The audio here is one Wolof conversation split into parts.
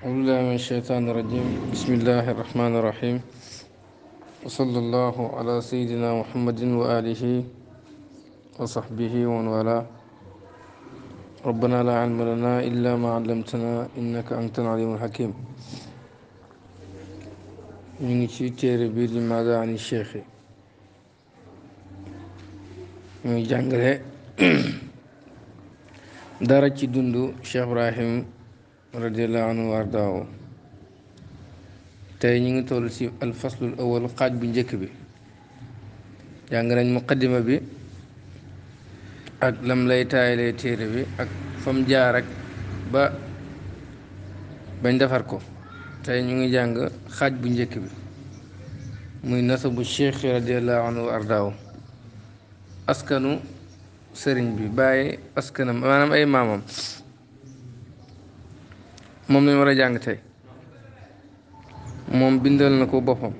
أعوذ من الشيطان الرجيم بسم الله الرحمن الرحيم وصلى الله على سيدنا محمد وآله وصحبه ومن والاه ربنا لا علم لنا إلا ما علمتنا إنك أنت العليم الحكيم من تيري بيد ماذا عن الشيخ من جانجل دارك دندو شيخ إبراهيم radiallahu anhu wardaaw ñu ngi toll ci alfaslul awal xaaj bu njëkk bi jàng nañ muqaddima bi ak lam lay taayalee téere bi ak fam jaar ak ba bañ defar ko tey ñu ngi jàng xaaj bu njëkk bi muy nasabu cheikh radiallahu anhu wardaaw askanu sëriñ bi bàyyi askanam maanaam ay maamam moom lañ war a jàng tey moom bindal na ko boppam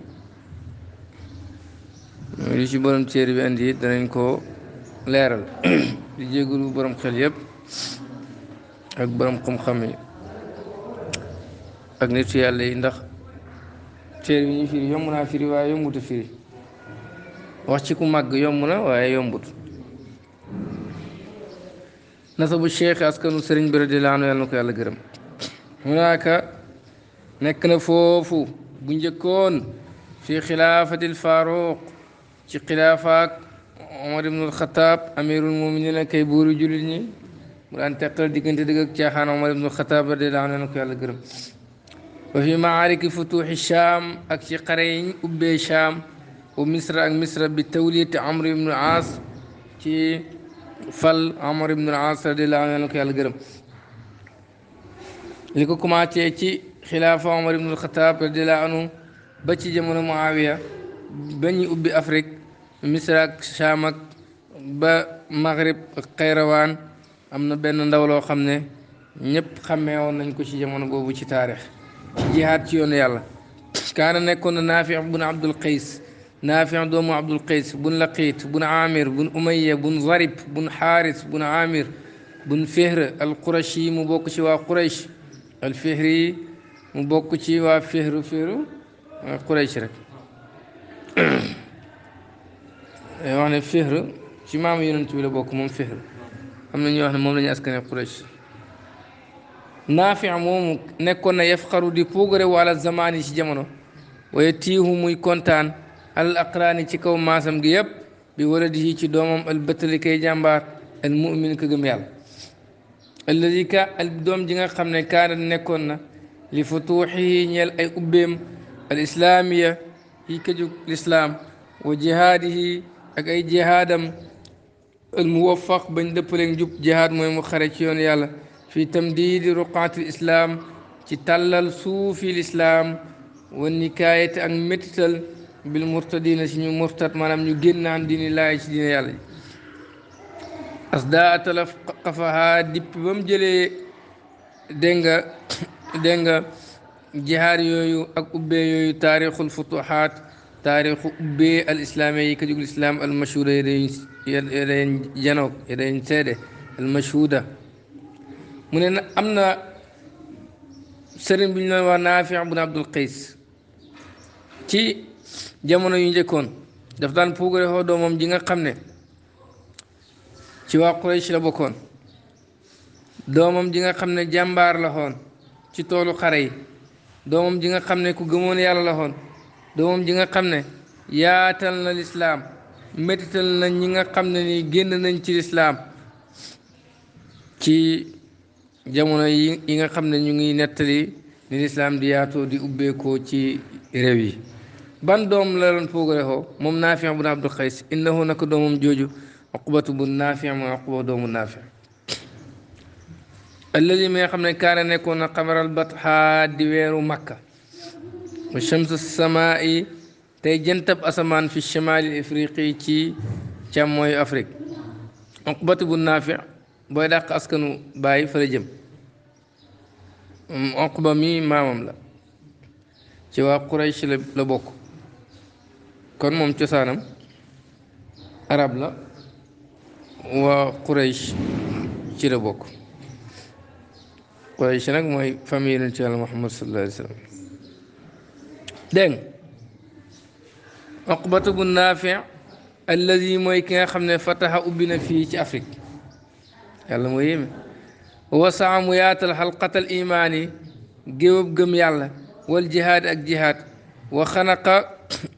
yu ci borom téere bi indi danañ ko leeral di jégalu borom xel yëpp ak borom xam-xam yi ak nitu yàlla yi ndax téere bi ñu firi yomb naa firi waaye yombut firi wax ci ku màgg yomb na waaye yombut nasabu cheikh askanu sëriñ bi laa anhu yàlla na ko yàlla gërëm هناك نكن فوفو بنجكون في خلافة الفاروق في خلافة عمر بن الخطاب أمير المؤمنين كي بوري جلني وانتقل ديك انت ديك تحان عمر بن الخطاب رضي الله عنه كي وفي معارك فتوح الشام أكشي قرين أبي الشام ومصر أك مصر بتولية عمر بن العاص كي فل عمر بن العاص رضي الله عنه كي li ko commencé ci xilaafa Omar ibn al-Khattab radiyallahu anhu ba ci jamono Muawiya ba ñuy ubbi Afrique Misra ak Sham ak ba Maghrib ak Qayrawaan am na benn ndaw loo xam ne ñëpp xàmmee woon nañ ko ci jamono boobu ci taarix ci jihaad ci yoonu yàlla kaana nekkoon na Naafi bun Abdul Qays Naafi doomu Abdul Qays bun Laqiit bun Amir bun Umayya bun Zarib bun Xaaris bun Amir bun Fihr al-Qurashi mu bokk al fihri mu bokk ci waa fihru fihru Quraysh rek dañoo wax ne fihru ci maamu yonent bi la bokk moom fihru am na ñuy ne moom la ñu askane Quraysh naafiya nekkoon na yafxaru di puugare wala zamaan yi ci jamono waaye tiihu muy kontaan al aqraani ci kaw maasam gi yëpp bi wala di ci doomam al bëttali kay jàmbaar al mu'min ka gëm yàlla الذي كا البدوم جيغا خامن كان نيكون لفتوحه نيل اي اوبيم الاسلاميه هي كجو الاسلام وجهاده اك اي جهادم الموفق بين دبلين جوب جهاد موي مو خري في تمديد رقعه الاسلام تي تالال صوفي الاسلام والنكايه ان متتل بالمرتدين سي مرتد مانام ني غينان دين الله سي دين يالا asdaa talaf xafaha dipp ba mu jëlee dégg nga dégg jihaar yooyu ak ubbee yooyu taarixul futuhaat taarixu ubbee al islaamiya islaam al mashhuuda yadañ janoog seede al mu ne am na sëriñ bi ñu doon wax naafi bun abdul qays ci jamono yu njëkkoon daf puugare xoo doomam ji nga xam ne ci waa Quraysh la bokkoon doomam ji nga xam ne jàmbaar la ci toolu xare yi doomam ji nga xam ne ku gëmoon yàlla la xoon doomam ji nga xam ne yaatal na lislaam métital na ñi nga xam ne ni génn nañ ci lislaam ci jamono yi yi nga xam ne ñu ngi nettali ni lislaam di yaatoo di ubbeekoo ci réew yi ban doom la doon foogale xoo moom Naafi' ibn Abdul Qays innahu naka doomam jooju عقبة بن نافع من عقبة دوم النافع الذي ما يخمن كارن يكون قمر البطحاء دوير مكة وشمس السماء تيجنتب أسمان في الشمال الإفريقي تي تموي أفريق عقبة بن نافع بيداق أسكنو باي فرجم عقبة مي ما مملا تي قريش لبوك كون مم تسانم عرب لا waa quraysh ci la bokk quraysh nag mooy famille yonent yàlla muhammad sallallahu alayhi wa sallam dégg oqbatu bu naafi alladi mooy ki nga xam ne fataha ubbi na fii ci afrique yàlla mooy yéeme wasaa mu yaatal xalqatal imaan yi géwëb gëm yàlla wal jihaad ak jihaad wa xanaqa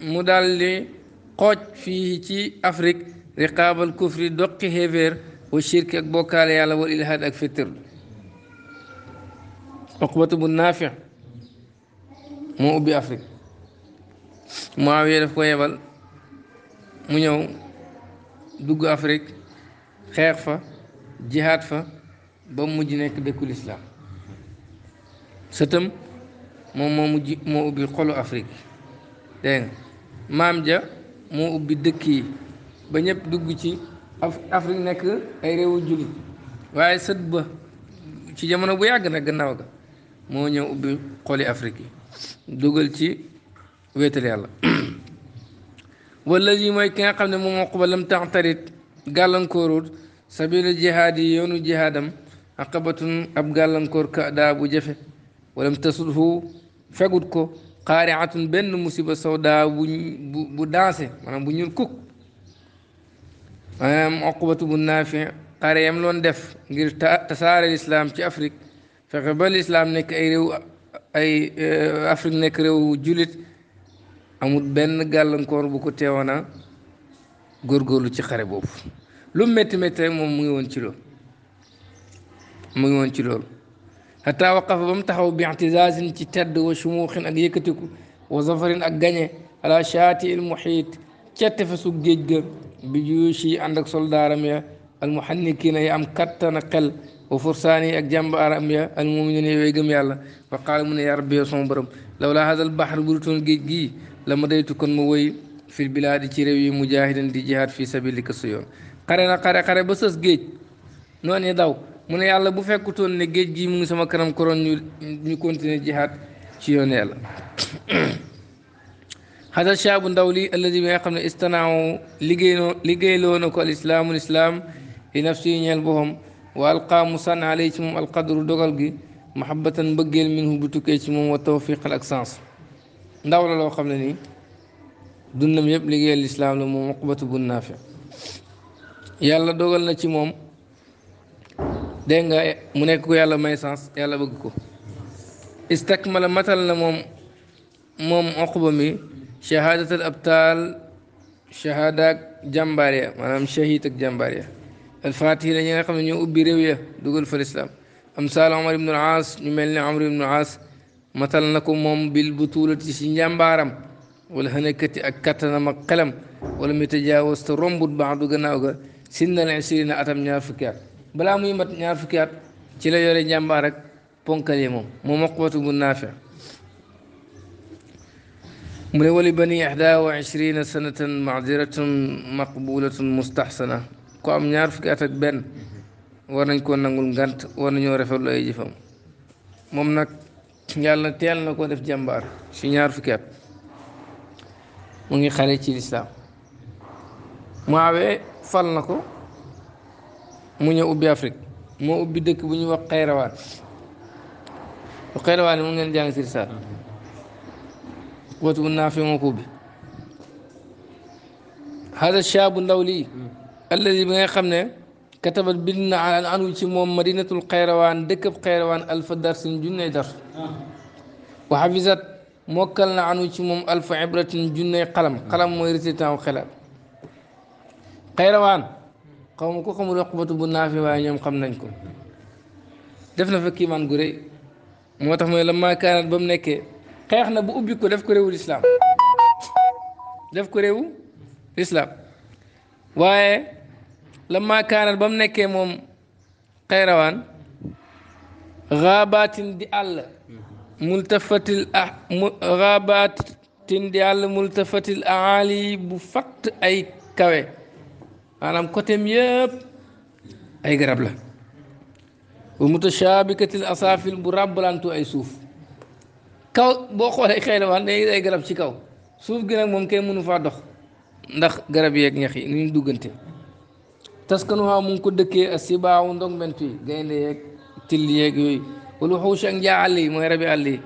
mu daal di xooj fii ci afrique riqaabal kufri doqi xéeféer wa shirk ak bokkaale yàlla wal ilhaad ak fitir uqbatu bu naafi moo ubbi Afrique Muawiya daf ko yebal mu ñëw dugg Afrique xeex fa jihaad fa ba mujj nekk dëkkul islaam sëtëm moom moo mujj moo ubbi xolu Afrique dégg maam ja moo ubbi dëkk yi ba ñëpp dugg ci Afrique nekk ay réewu jullit waaye sët ba ci jamono bu yàgg na gannaaw ga moo ñëw ubbi xoli Afrique yi dugal ci wéetal yàlla wala yi mooy ki nga xam ne moom moo lam tax tarit gàllankoorut sabilu jihaad yi yoonu jihaadam aqabatun ab gàllankoor ka daa bu jafe walam tasudhu fegut ko xaariatun benn musiba saw daa bu bu dansé bu ñuul kuk أم عقبة بن نافع قال يملون دف غير تسار الإسلام في أفريق فقبل الإسلام نك أي ريو أي آه، أفريق نك ريو جلد أمود بن قالن كور بكو تيوانا غور غور لكي خاربوف لم ميت ميت مم ميوان تلو ميوان تلو حتى وقف بمتحو باعتزاز تتد وشموخ أجيكتك وظفر أجاني على شاتي المحيط كتف سجيج bi juyush yi ànd ak soldaaram ya al muhannikiina yi am kattan ak xel wa fursaan yi ak jàmbaaram ya al muminina yooyu gëm yàlla fa qaala mu ne yaa rabbi yow sama borom lawlaa hadal baxar bu dutoon géej gii la ma daytu kon ma woy fil bilaadi ci réew yi mujaahidan di jihaad fii sabilika sa yoon xare na xare xare ba sës géej noonu yi daw mu ne yàlla bu fekkutoon ne géej gii mu ngi sama kanam koroon ñu ñu continuer jihaad ci yoon yàlla xadal shaabu ndaw li alladi xam ne istanaaw liggéeyloo liggéeyloo na ko al islaamu lislaam li nafsi ñeel wa alqaa mu sànn moom alqadru dogal gi mahabbatan mbëggeel minhu bu moom wa tawfiqal ak sens ndaw loo xam ne nii dundam yëpp liggéeyal lislaam la moom uqbatu bun naafi yàlla dogal na ci moom dégg nga mu nekk ko yàlla may sens yàlla bëgg ko istakmala matal moom moom uqba شهادة الأبطال شهادة جمباريا مانام شهيدك جمباريا الفاتح la ñi nga xam ne ñoo ubbi réew ya dugal fa lislaam amsaal Omar ibn al-Aas ñu mel ni Amr ibn al-Aas matal na ko moom bil butulati si njàmbaaram wala xanakati ak kattanam ak xelam wala mu tajaawaz te rombut baadu gannaaw ga sinnal isrina atam ñaar fukki at balaa muy mat ñaar fukki at ci la yore njàmbaar ak ponkale moom moom Uqbatu bu Naafi' mu ne wali bani ihda wa ishrina sanatan madiratun maqbulatun mustaxsana ko am ñaar fukki at ak benn war nañ koo nangul ngant war nañoo rafetlu ay jëfam moom nag yàlla teel na ko def jàmbaar si ñaar fukki at mu ngi xale ci lislaam Muawiya fal na ko mu ñëw ubbi Afrique moo ubbi dëkk bu ñuy wax Xayrawaan Xayrawaan mu ngeen jàng si risaal وتو النافع مكوبي هذا الشاب اللولي الذي من خمنا كتب بلنا على الان شي مدينة القيروان دكب قيروان ألف درس جنة در وحفظت موكلنا عن شي ألف عبرة جنة قلم قلم ويرتي تاو خلال قيروان قوم رقبة خمو رقبة بالنافع وانيوم خمنانكم دفنا فكي من قري موتهم لما كانت بمنكي قيح نبو أبيكو دف كريو الإسلام دف كريو الإسلام واي لما كان البم نكي موم قيروان غابات دي الله ملتفت الأح... م... غابات تندي على ملتفت الأعالي بفقت أي كوي أنا مكتم يب أي غرابلة ومتشابكة الأصافي المرابلة أنتو أي سوف kaw boo xoolee xëylawaan léegi ay garab ci kaw suuf gi nag moom kenn mënu faa dox ndax garab yeeg ñax yi duggante duggante taskanuwaa mu ngi ko dëkkee ak si baawu ndog bent yi gaynde yeeg till yeeg yi mooy rabi àll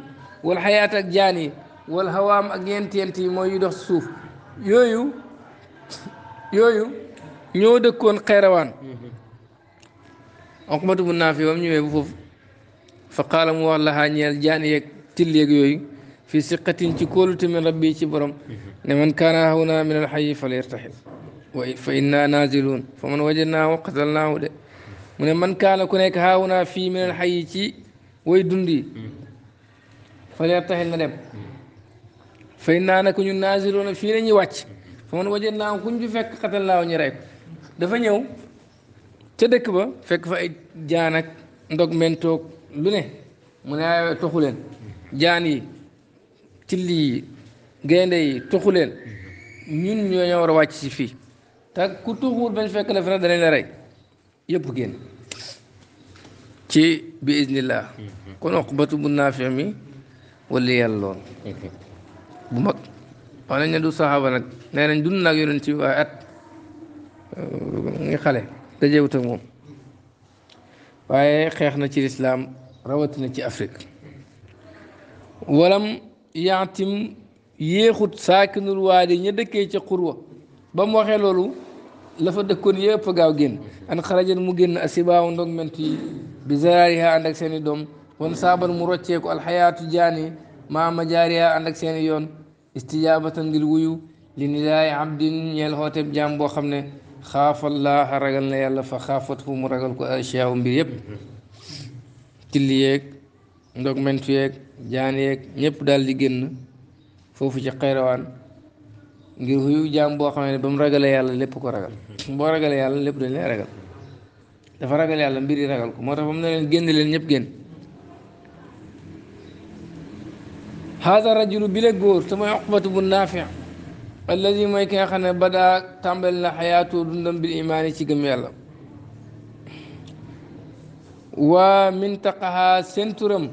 wala xayaat ak jaan yi wala xawaam ak yent yent yi mooy yu dox suuf yooyu yooyu ñoo dëkkoon xeyrawaan oqmatu bu naafi wam fa qaala mu wax lahaa ñeel jaan yeeg تليك يوي في ثقة تقولت من ربي تبرم لمن كان هنا من الحي فليرتحل فإنا نازلون فمن وجدناه قتلناه من من كان كنك هنا في من الحي ويدندي فليرتحل ندم فإنا نكون نازلون في نجي واتش فمن وجدناه كنج فك قتلناه نيريك دفا نيو تدك با فك فاي جانك دوك منتوك لوني من توخولين jaan yi till yi gaynde yi tuxu leen ñun ñoo war a wàcc si fii te ku tuxuwul bañ fekk la fi nag danañ la rey yëpp génn ci bi iznillah kon mi wala yàlla nañ ne du saxaaba nag nañ dund naag yonent ci at ngi xale dajewut ak xeex na ci lislaam rawatina ci Afrique walam yaatim yéexut saakinul waadi ña dëkkee ca xurwa ba mu waxee loolu lafa fa dëkkoon yëpp gaaw génn an xarajat mu génn asibaaw ndog ment yi bi zaraariha ànd ak seen i doom wan saabal mu rocceeku alxayaatu jaani maa ma jaariha ak seen yoon istijaabatan ngir wuyu li nidaay abdin ñeel xooteeb jaam boo xam ne xaafallaaha ragal na yàlla fa xaafat fu mu ragal ko asiyaa mbir yépp tilli yeeg ndok men fi ak jani ak ñëpp dal di génn fofu ci xeyrawan ngir huyu jam bo xamne bam ragale yàlla lépp ko ragal bo ragale yàlla lépp dañ lay ragal dafa ragal yàlla mbiri ragal ko motax bam ba mu leen génn leen ñëpp génn هذا rajulu بلا غور góor عقبه بن نافع الذي ما كان خنا بدا تامل حياته دندم بالايمان شي گم يالا dundam سنترم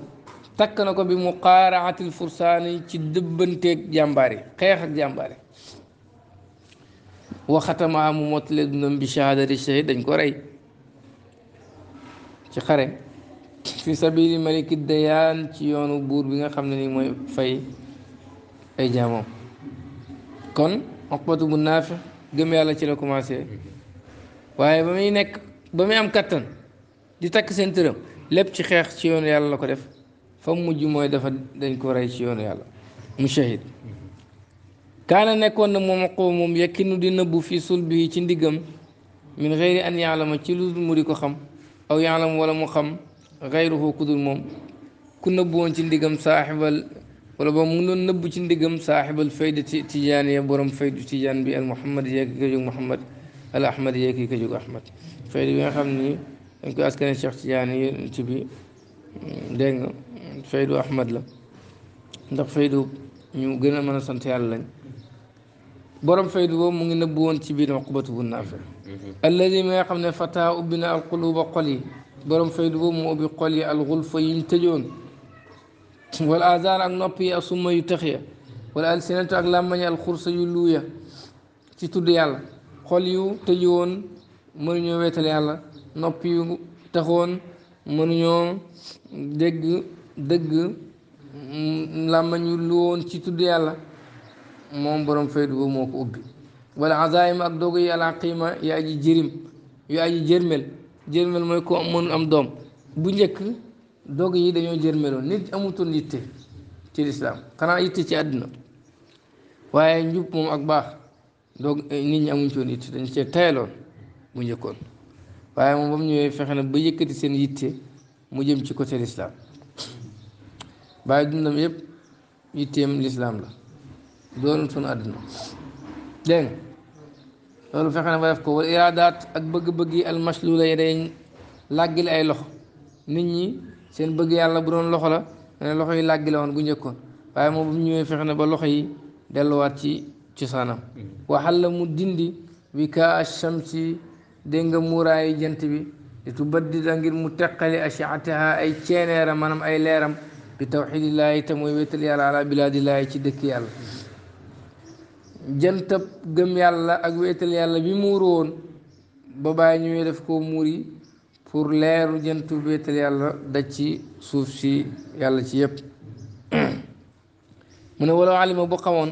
takk na ko bi mu qaaraatil fursaani ci dëbbanteeg jàmbaari xeex ak jàmbaari waxatama mu mottale dundam bi shahadati shahid dañ ko rey ci xare fi sabili maliki dayaan ci yoonu buur bi nga xam ne ni mooy fay ay jaamoom kon oqbatu bu naafi gëm yàlla ci la commencé waaye ba muy nekk ba muy am kattan di takk seen tëram lépp ci xeex ci yoonu yàlla la ko def fa mujj mooy dafa dañ ko rey ci yoonu yàlla mu shahid kaana nekkoon na moom xaw moom yekkinu di nëbbu fii sulbi ci ndiggam min xëyri an yaalama ci lu mu di ko xam aw yaalam wala mu xam xayruhu kudul moom ku nëbbu woon ci ndiggam saaxibal wala boobu mu ngi doon nëbbu ci ndiggam saaxibal fayda tijaaniya borom faydu tijaan bi al muhammad yeeki ka jóg muhammad al ahmad yeeki ka jóg ahmad fayda bi nga xam ni dañ koy askane cheikh tijaani ci bi dégg nga فايدو احمد لا دا فايدو نيو گنا مانا سانت يالا بورم فايدو بو موغي نبوون سي بير عقبته النافع الذي ما يقمن فتا ابنا القلوب قلي بورم فايدو بو مو ابي قلي الغلف ينتجون والاذان اك نوبي اسما يتخيا والالسنة اك لامن الخرس يلويا سي تود يالا خول يو تجيون مانو تخون مانو نيو دگ dëgg mm, làmmañu lu woon ci tudd yàlla moom borom faydu ba moo ko ubbi wala azaayim ak dogu yi àla qiima yu aji jërim yu aji jërmel jërmel mooy ko mënul am doom bu njëkk dog yi dañoo jërmeloon nit amutoon yitte ci lislaam xanaa yitte ci àdduna waaye njub moom ak baax dog nit ñi amuñ yitte dañ cee tayaloon bu njëkkoon waaye moom ba mu ñëwee fexe na ba yëkkati seen yitte mu jëm ci côté lislaam bàyyi dundam yëpp yitteem lislaam la doon sunu àdduna dégg loolu fexe na ba def ko wala iraadaat ak bëgg-bëgg yi almasluula yi day làggil ay loxo nit ñi seen bëgg yàlla bu doon loxo la ne loxo yi làggile woon bu njëkkoon waaye moom bu ñëwee fexe na ba loxo yi delluwaat ci cosaanam waxal la mu dindi wikaa shamsi dégg nga muuraayu jant bi di tubbaddi da ngir mu teqali ashaataha ay ceeneeram maanaam ay leeram بتوحيد الله تموي ويتلي على بلاد الله يشدك يالا جل تب جم يالا أقوي يتلي يالا بمورون بابا ينوي لفكو موري فور لير جن تب يتلي يالا دتشي سوفسي يالا تيب من أول علم بقون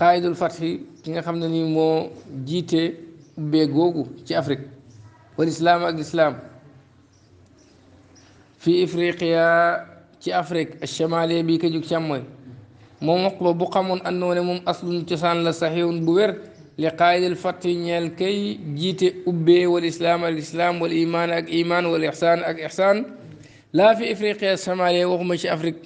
قائد الفتح كنا خمنا نمو جيتي بيغوغو في أفريق والإسلام أك الإسلام في إفريقيا ci Afrique chamalie bi ka jug càmmooy moom uqba bu xamone annone mom moom aslun cosaan la sahihun bu wér li qaid al fatti ñeel kay jite ubbe wal islam al islam wal iman ak iman wal ihsan ak ihsan la fi ifriqiya chamalie waxuma ci Afrique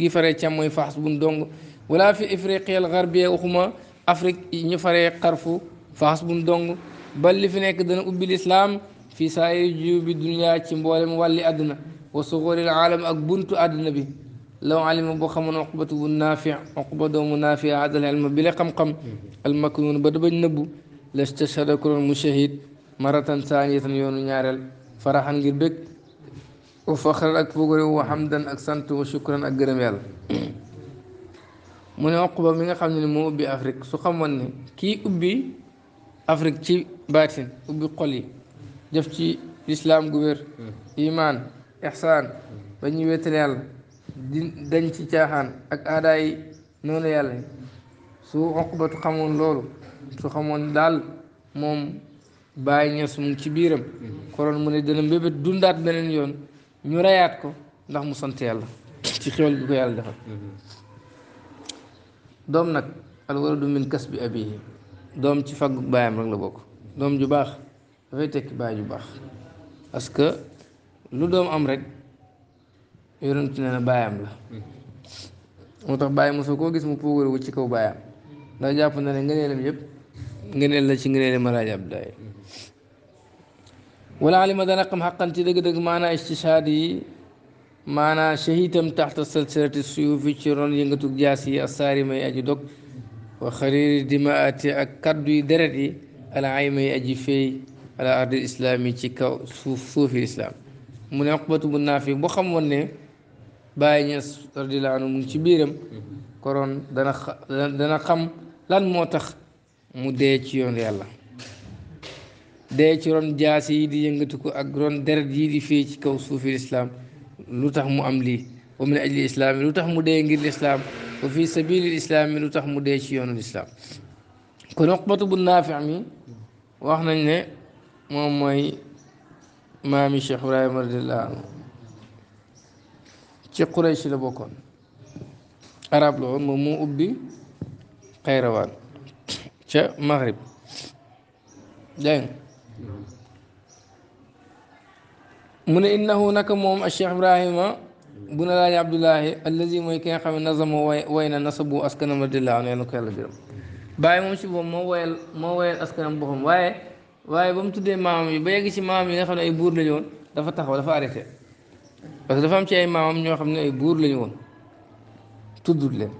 gi faree càmmooy faxas bu ndong wala fi afrique al garbiya waxuma Afrique ñu fare xarfu faxas bu ndong bal li fi nekk dana ubbi lislaam في سائر جيوب الدنيا تيمبولم والي ادنا وصغور العالم اكبنت أدنى به لو علم بخم عقبة النافع عقبة دوم نافع هذا العلم بلا قمقم المكنون بدب النبو لاستشهد كل المشهيد مرة ثانية يون نيارل فرحا غير بك وفخر اكبر وحمدا اكسنت وشكرا اكرم يال من عقبة من خم نمو بافريك سخم كي ابي افريك تي باتين ابي قليل jëf ci lislaam gu wér iman ixsaan ba ñu wéetal yàlla di dañ ci caaxaan ak aadaay yi noonu yàlla su oqbatu xamoon loolu su xamoon daal moom bàyyi ñes mu ci biiram koroon mu ne dana mbébét dundaat beneen yoon ñu rayaat ko ndax mu sant yàlla ci xéwal gi ko yàlla defal doom nag alwaladu min kasbi abihi doom ci faggu baayam rek la bokk doom ju baax dafay tekki baay ju baax parce que lu doom am rek yonent nee na baayam la moo tax baay mosoo koo gis mu puugar wu ci kaw baayam ndax jàpp na ne ngëneelam yëpp ngëneel la ci ngëneeli maraaji Abdoulaye wala alima dana xam xaqan ci dëgg-dëgg maanaa istishaad yi maanaa shahitam taxta salsalati suyufi ci ron yëngatu jaas yi asaari may aji dog wa xariiri dimaati ak kaddu yi deret yi al ayma yi aji feey ala ardil islaam yi ci kaw suuf suufi islaam mu ne uqbatu bu naafi bu xamoon ne bàyyi ñees radiyallaahu anhu mu ci biiram mhm. koroon dana xam lan moo tax mu dee ci yoon yàlla dee ci ron jaas yi di yëngatu ko ak ron deret yi fii ci kaw suufi lu tax mu am lii wa min ajli lu tax mu dee ngir lislaam wa fi sabili islaam lu tax mu dee ci yoonu lislaam wax nañ ne مومي مامي شيخ ابراهيم رضي الله عنه تي قريش لا بوكون عرب لو مومو اوبي قيروان تي مغرب دين من انه نك موم الشيخ ابراهيم بن الله عبد الله الذي موي كان خامي نظم وين نصب اسكن رضي الله عنه يلا كيلا بايم موم سي بوم مو ويل مو ويل اسكن بوخم وايه waaye ba mu tuddee maamam yi ba yegg ci maamam yi nga xam ne ay buur lañu woon dafa taxaw dafa arrêté parce que dafa am ci ay maamam ñoo xam ne ay buur lañu woon tuddut leen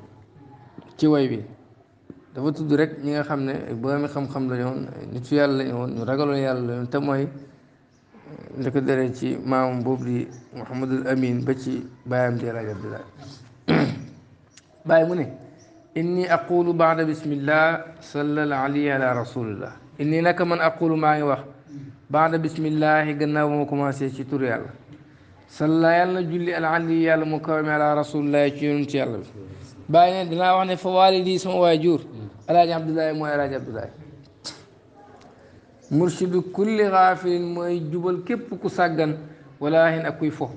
ci way bi dafa tudd rek ñi nga xam ne boromi xam-xam lañu woon nit fi yàlla lañu woon ñu ragaloon yàlla lañu woon te mooy li ko deree ci maamam boobu di Mouhamadul Amin ba ci baayam di Alaaji Abdoulaye bàyyi mu ne inni aqulu baada bismillah sallal ali ala rasulillah إني نك من أقول ما يوح بعد بسم الله جنا وكما سيشتر يالله صلى الله جل العلي على مكرم على رسول الله يشيرون تيالله باين دنا وانا فوالدي اسم واجور على عبد الله مو على عبد الله مرشد كل غافل مو جبل كيب كو ساغان ولا هين اكوي فو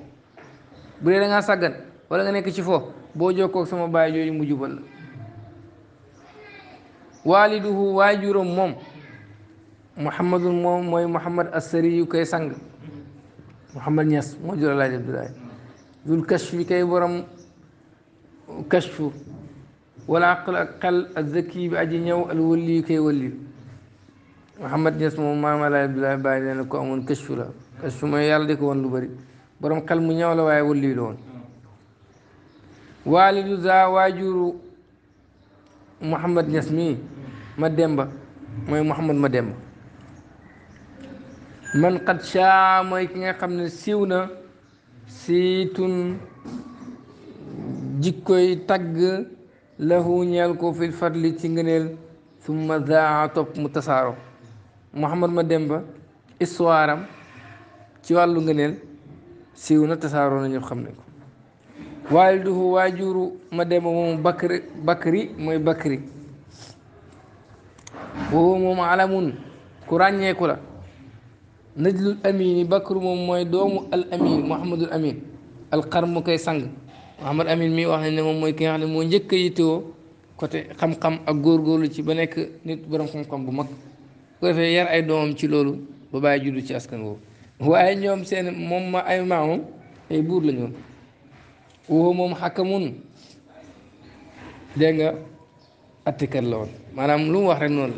بري داغا ساغان ولا غا نيك سي فو بو جوكو سما باي جوي مو جبل والده واجور موم muhammadul moom mooy muhammad assari yu koy sang muhammad ñas moo jur alaaj abdoulaye dul kashf yi koy borom kashfu wala aql ak xel ak zaki bi aji ñëw al wëlli yu koy wëlli muhammad ñas moom maam alaaj abdoulaye bàyyi nee na ko amoon kashfu la kashfu mooy yàlla di ko woon lu bëri borom xel mu ñëw la waaye wëlli la woon waalidu za waajuru muhammad ñas mii ma demba mooy muhammad ma demba man xat mooy ki nga xam ne siiw na siitun jikkoy tagg lahu ñeel ko fi fadli ci ngëneel summa zaa topp mu tasaaro Mouhamad ma histoire am ci wàllu ngëneel siw na tasaaroo na ñëpp xam ne ko waaliduhu waajuru Mademba moomu Bakri Bakri mooy bakkri woowu moom alamun ku ràññeeku la. نجل الأمين بكر موي دوم الأمين محمد الأمين القرم كي سانغ محمد الأمين مي واخ نيم موي كي خاني مو نجيك ييتو كوتي خام خام اك غور غور لي با نيك نيت بروم خام خام بو ماك اي دوم تي لولو با باي جودو تي اسكن وو واي نيوم سين موم ما اي ماو اي بور لا نيوم وهو موم حكمون دنگا اتيكر لون مانام لو واخ رك نون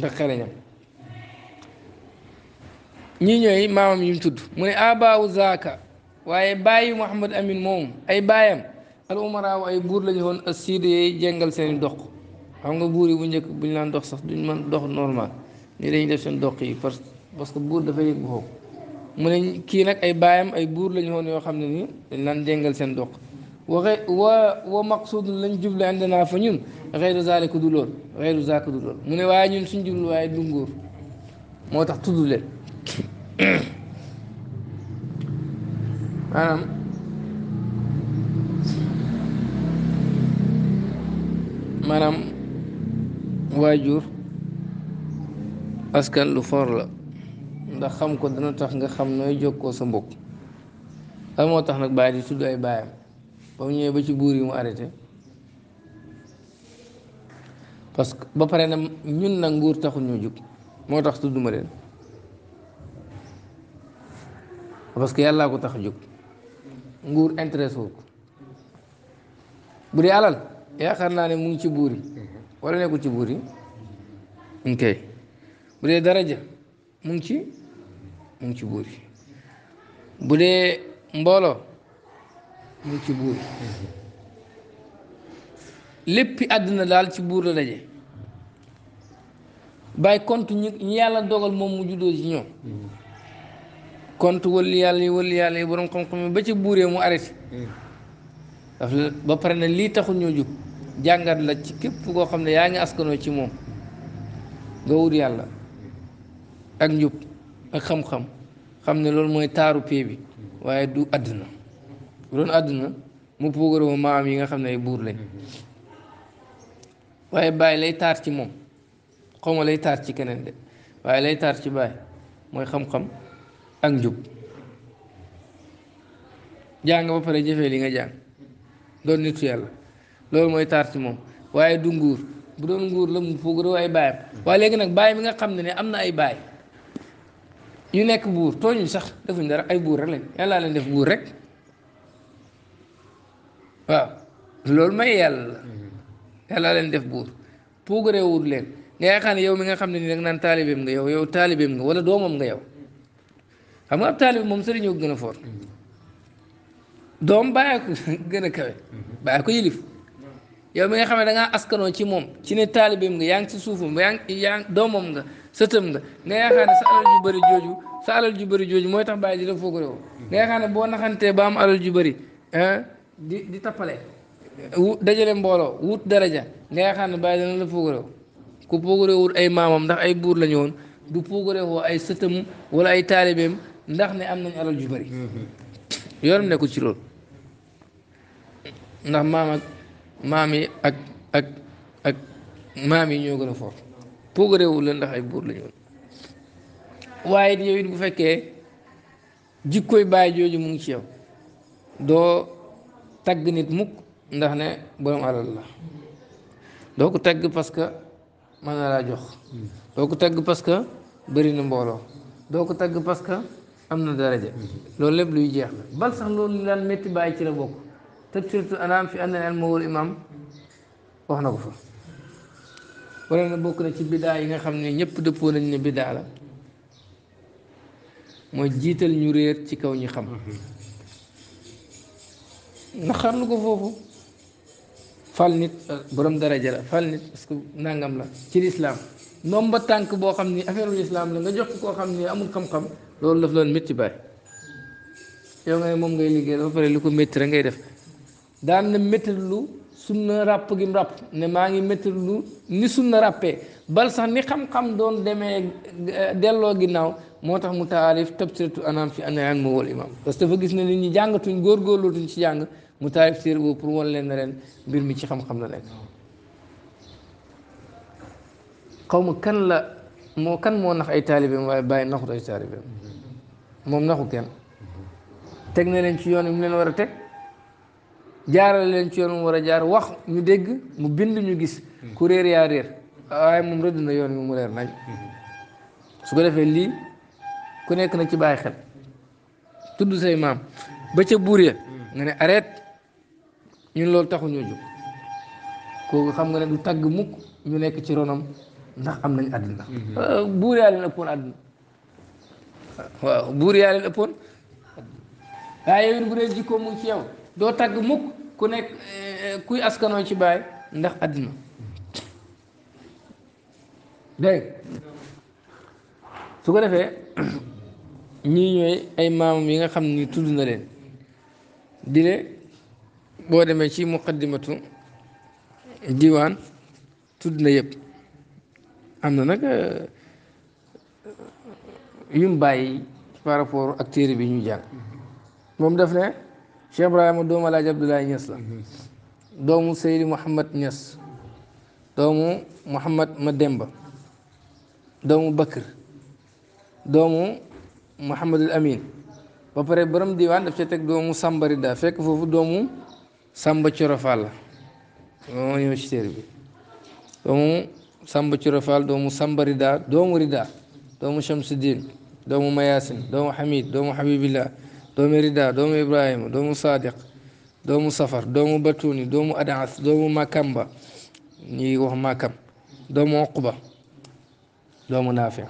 لا ñii ñooy maamam yi tudd mu ne abaawu zaaka waaye bàyyi Amin moom ay baayam al umaraaw ay buur lañu woon as siid jengal seen dox xam nga buur yi bu njëkk bu ñu naan dox sax duñ mën dox normal nii dañuy def seen dox yi parce que buur dafa yëg bu foofu mu ne kii nag ay ay buur lañu woon yoo xam ne ni dañ naan jengal seen dox waxe wa wa lañ fa ñun xeyru du lool xeyru zaaka du lool mu ne waaye ñun suñ jublu waaye du nguur moo tax tudd leen maanaam maanaam waajur askan lu for la ndax xam ko dana tax nga xam nooy jóg koo sa mbokk lan moo tax nag baay di tudd ay baayam ba mu ñëwee ba ci buur yi mu arrêté parce que ba pare na ñun nag nguur taxul ñoo jóg moo tax tudduma leen parce que yàllaa ko tax jóg nguur intéressé wu ko bu dee alal yaakaar naa ne mu ngi ci buur yi wala ko ci buur yi ok bu dee daraja mu ngi ci mu ngi ci buur yi bu dee mbooloo mu ci buur yi léppi àddina daal ci buur la daje bàyyi compte ñi ñi yàlla dogal moom mu juddoo ci ñoom. compte wëllu yàlla yi wëllu yàlla yi borom xam-xam ba ci buuree mu arrêté hmm. ba pare na lii taxul ñoo jug jàngat la ci képp koo xam ne yaa ngi askanoo ci moom nga wut yàlla ak njub ak xam-xam xam ne loolu mooy taaru pee bi waaye du àdduna bu doon àdduna mu poogaroo maam yi nga xam ne ay buur lañ waaye bàyyi lay taar ci moom xaw ma lay taar ci keneen de waaye lay taar ci bàyyi mooy xam-xam ak njub jàng ba pare jëfee li nga jàng doon nitu yàlla loolu mooy taar ci moom waaye du nguur bu doon nguur la mu foog ay baayam waaye léegi nag baay mi nga xam ne ne am na ay baay yu nekk buur tooñuñ sax defuñ dara ay buur rek lañ yàllaa def buur rek waaw loolu may yàlla la yàllaa leen def buur puugaree wut leen nga yow mi nga xam ne nii rek naan taalibeem nga yow yow taalibeem nga wala doomam nga yow xam nga ab taalibi moom sëriñoo gën a foor doom bàyyi ko gën a kawe bàyyi yilif yow mi nga xam ne danga ngaa askanoo ci moom ci ne taalibeem nga yaa ngi ci suufam yaa ngi yaa ngi nga sëtam nga nga yaakaar sa alal ju bëri jooju sa alal ju bari jooju mooy tax bàyyi di la foog réew nga yaakaar boo naxantee ba am alal ju ah, di tappale dajale mbooloo wut daraja nga yaakaar ne bàyyi dana la foog ku foog ay maamam ndax ay buur la ñu woon du foog ay sëtam wala ay taalibeem ndax ne am nañ alal ju bëri mm-hmm. yoonam nekkul ci loolu ndax maam ak maam yi ak ak ak maam yi ñoo gën a fort poogaréewul la ndax ay buur lañu woon waaye yow it bu fekkee jikkoy bàyyi jooju mu ngi ci yow doo tagg nit mukk ndax ne borom alal la doo ko tagg parce que mën na laa jox mm-hmm. doo ko tagg parce que bëri na mbooloo doo ko tagg parce am na daraja loolu lépp luy jeex la bal sax loolu li daan métti bàyyi ci la bokk te surtout anaam fi ànd na ko fa wala na bokk na ci biddaa yi nga xam ne ñëpp dëppoo nañ ne biddaa la mooy jiital ñu réer ci kaw ñi xam naxarlu ko foofu fal nit boroom daraja la fal nit parce que la ci lislaam ndomba tànk boo xam ni affaire lislaam la nga jox koo xam ne amul xam-xam loolu daf loon métti bàyyi yow nga ne moom ngay liggéey dafa pare lu ko métti rek ngay def daan na métti lu sunna ràpp gi mu ràpp ne maa ngi métti lu ni sunna ràppee bal sax ni xam-xam doon demee eh, delloo ginnaaw moo tax mu taarif tabsiratu anam fi anam mu wal imam parce que dafa gis ne nit ñi jàngatuñ góorgóorlootuñ ci jàng mu taarif téere boobu pour wan leen ne ren mbir mi ci xam-xam la nekk xaw kan la. moo kan moo nax ay taalibeem waaye bàyyi naxut ay taalibeem moom naxu kenn teg na leen ci yoon mu leen war a teg jaaral leen ci yoon mu war a jaar wax ñu dégg mu bind ñu gis ku réer yaa réer waaye moom rëdd na yoon wi mu leer nañ su ko defee lii ku nekk na ci bàyyi xel tudd say maam ba ca buur ya nga ne arrête ñun loolu taxuñu ñoo jóg xam nga ne du tagg mukk ñu nekk ci ronam ndax am nañ àddina euh, buur yaa leen ëppoon àddina buur yaa leen ëppoon waaye yow bu dee jikko mu ci yow doo tagg mukk ku nekk euh, kuy askanoo ci baay ndax àddina dégg su ko defee ñii ñooy ay maamam yi nga xam ni tudd na leen dine boo demee ci muqaddimatu diwaan tudd na yëpp am na nag euh, euh, yu mu bàyyi par rapport ak téere bi ñu jàng moom daf ne Cheikh Ibrahima doomu Alaaji Abdoulaye Niass la doomu Seydi Mouhamad Niass doomu Mouhamad Mademba doomu Bakr doomu Mouhamadul Amin ba pare borom diwaan daf ca teg doomu Sambarida fekk foofu doomu Samba Corofal la moo ñëw ci téere bi doomu samba ciro fall doomu samba rida doomu rida doomu shamsuddin doomu mayasin doomu hamid doomu habibillah doomu rida doomu ibrahima doomu sadiq doomu safar doomu batuni doomu adas doomu makamba ñi wax makam doomu uqba doomu nafi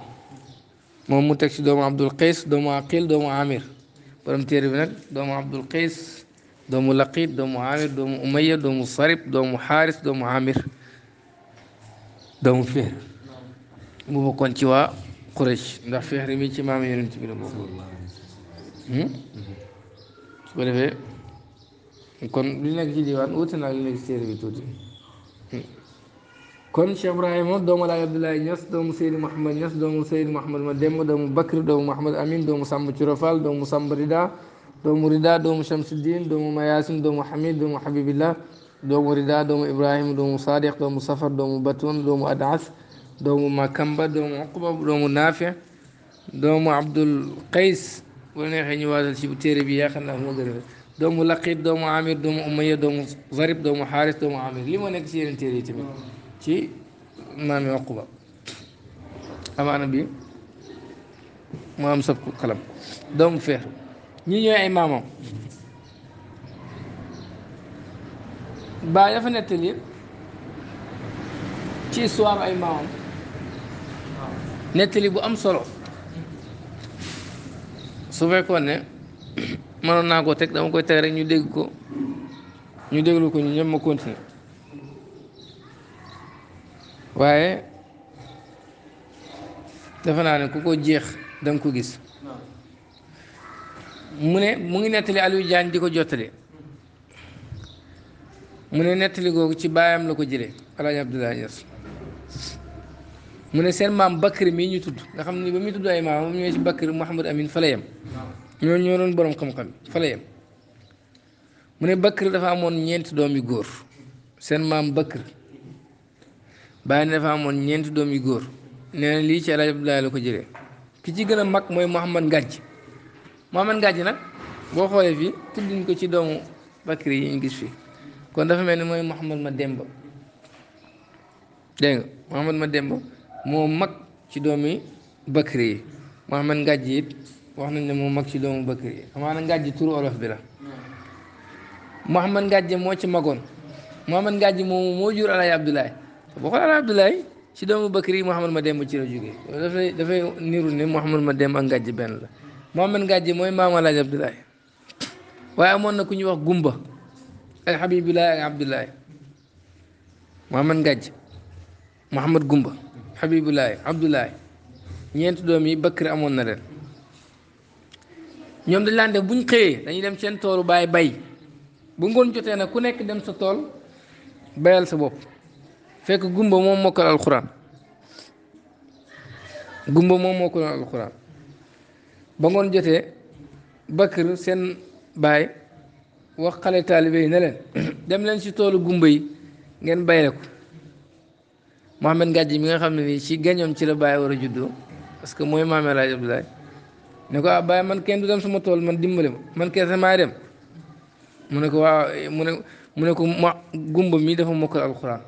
moom mu teg ci doomu abdul qais doomu aqil doomu amir borom téere bi nag doomu abdul qais doomu laqit doomu amir doomu umayya doomu sarib doomu xaaris doomu amir doomu Fihr mu kon ci waa Quraysh ndax Fihr mi ci maam yonent bi la bokk hmm? su kon li nekk ci diwaan wuute naa li nekk ci téere bi tuuti kon Cheikh Ibrahima doomu Alaaji Abdoulaye Niass doomu Seydi Mouhamed Niass doomu Seydi Mouhamed ma Demba doomu Bakr doomu Mouhamed Amin doomu Samb Curofal doomu Samb Rida doomu Rida doomu Shamsuddin doomu Mayasin doomu Hamid doomu Habibillah دوم رداء دوم إبراهيم دوم صادق دوم سفر دوم بطون دوم أدعث دوم مكمبة دوم عقبة دوم نافع دوم عبد القيس ونحن نواز الشبتير بيها خلنا هو قدر دوم لقيت دوم عامر دوم أمية دوم ضرب دوم حارث دوم عامر لما نكسير انتري تبي تي نامي عقبة أما نبي ما أمسك كلام دوم فهر ني ني إمامه baay dafa nettali ci histoire ay maamam nettali bu am solo su fekkoon ne mënoon naa ko teg dama koy teg rek ñu dégg ko ñu déglu ko ñu ñëpp ma continuer waaye defe naa ne ku ko jeex danga ko gis mu ne mu ngi nettali Aliou Diagne di ko jottali mu ne nettali kooku ci baayam la ko jëlee alaaji Abdoulaye Niass mu ne seen maam Bakri mii ñu tudd nga xam ni ba muy tudd ay maam moom ñooy ci Amin fa la ñoo ñoo doon borom xam-xam yem mu ne Bakri dafa amoon ñeenti doom yu góor seen maam Bakri bàyyi ne dafa amoon ñeenti doom yu góor ne na lii ci alaaji Abdoulaye la ko jëlee ki ci gën a mag mooy Mouhamad Gadji Mouhamad Gadji nag boo xoolee fii tudduñ ko ci doomu Bakri yi ñu gis fii. kon dafa mel ni mooy Mouhamad ma Demba dégg nga ma demb moo mag ci doomi Bakri yi Mouhamad Ngàjj it wax nañ ne moo mag ci doomu Bakri yi amaana Ngàjj turu olof bi la Mouhamad Ngàjj moo ci magoon Mouhamad Ngàjj moomu moo jur Alaaji Abdoulaye ci doomu Bakri yi Mouhamad ma Demba ci la jógee dafay dafay niru ne Mouhamad ma Demba ak Ngàjj benn la Mouhamad Ngàjj mooy maam Alaaji Abdoulaye waaye amoon na ku ñuy wax Gumba. ay Habibillah ak Abdoulaye Mouhamad Ngaj Mouhamad Gumba Habibillah Abdoulaye ñeenti doom yi Bakr amoon na ren ñoom dañ laan def bu ñu xëyee dañuy dem seen toolu baay bay bu ngoon jotee nag ku nekk dem sa tool bayal sa bopp fekk Gumba moom mokkal alxuraan Gumba moom mokkal alxuraan ba ngoon jotee Bakr seen baay. wax xale taalibe yi ne dem leen ci toolu gumba yi ngeen bayle ko Mouhamed Gadji mi nga xam ne nii si gañoom ci la bàyyi war a juddoo parce que mooy maame laaj Abdoulaye ne ko ah bàyyi man kenn du dem sama tool man dimbale ma man kese maay dem mu ne ko waaw mu ne mu ne ko ma gumba mi dafa mokkal alxuraan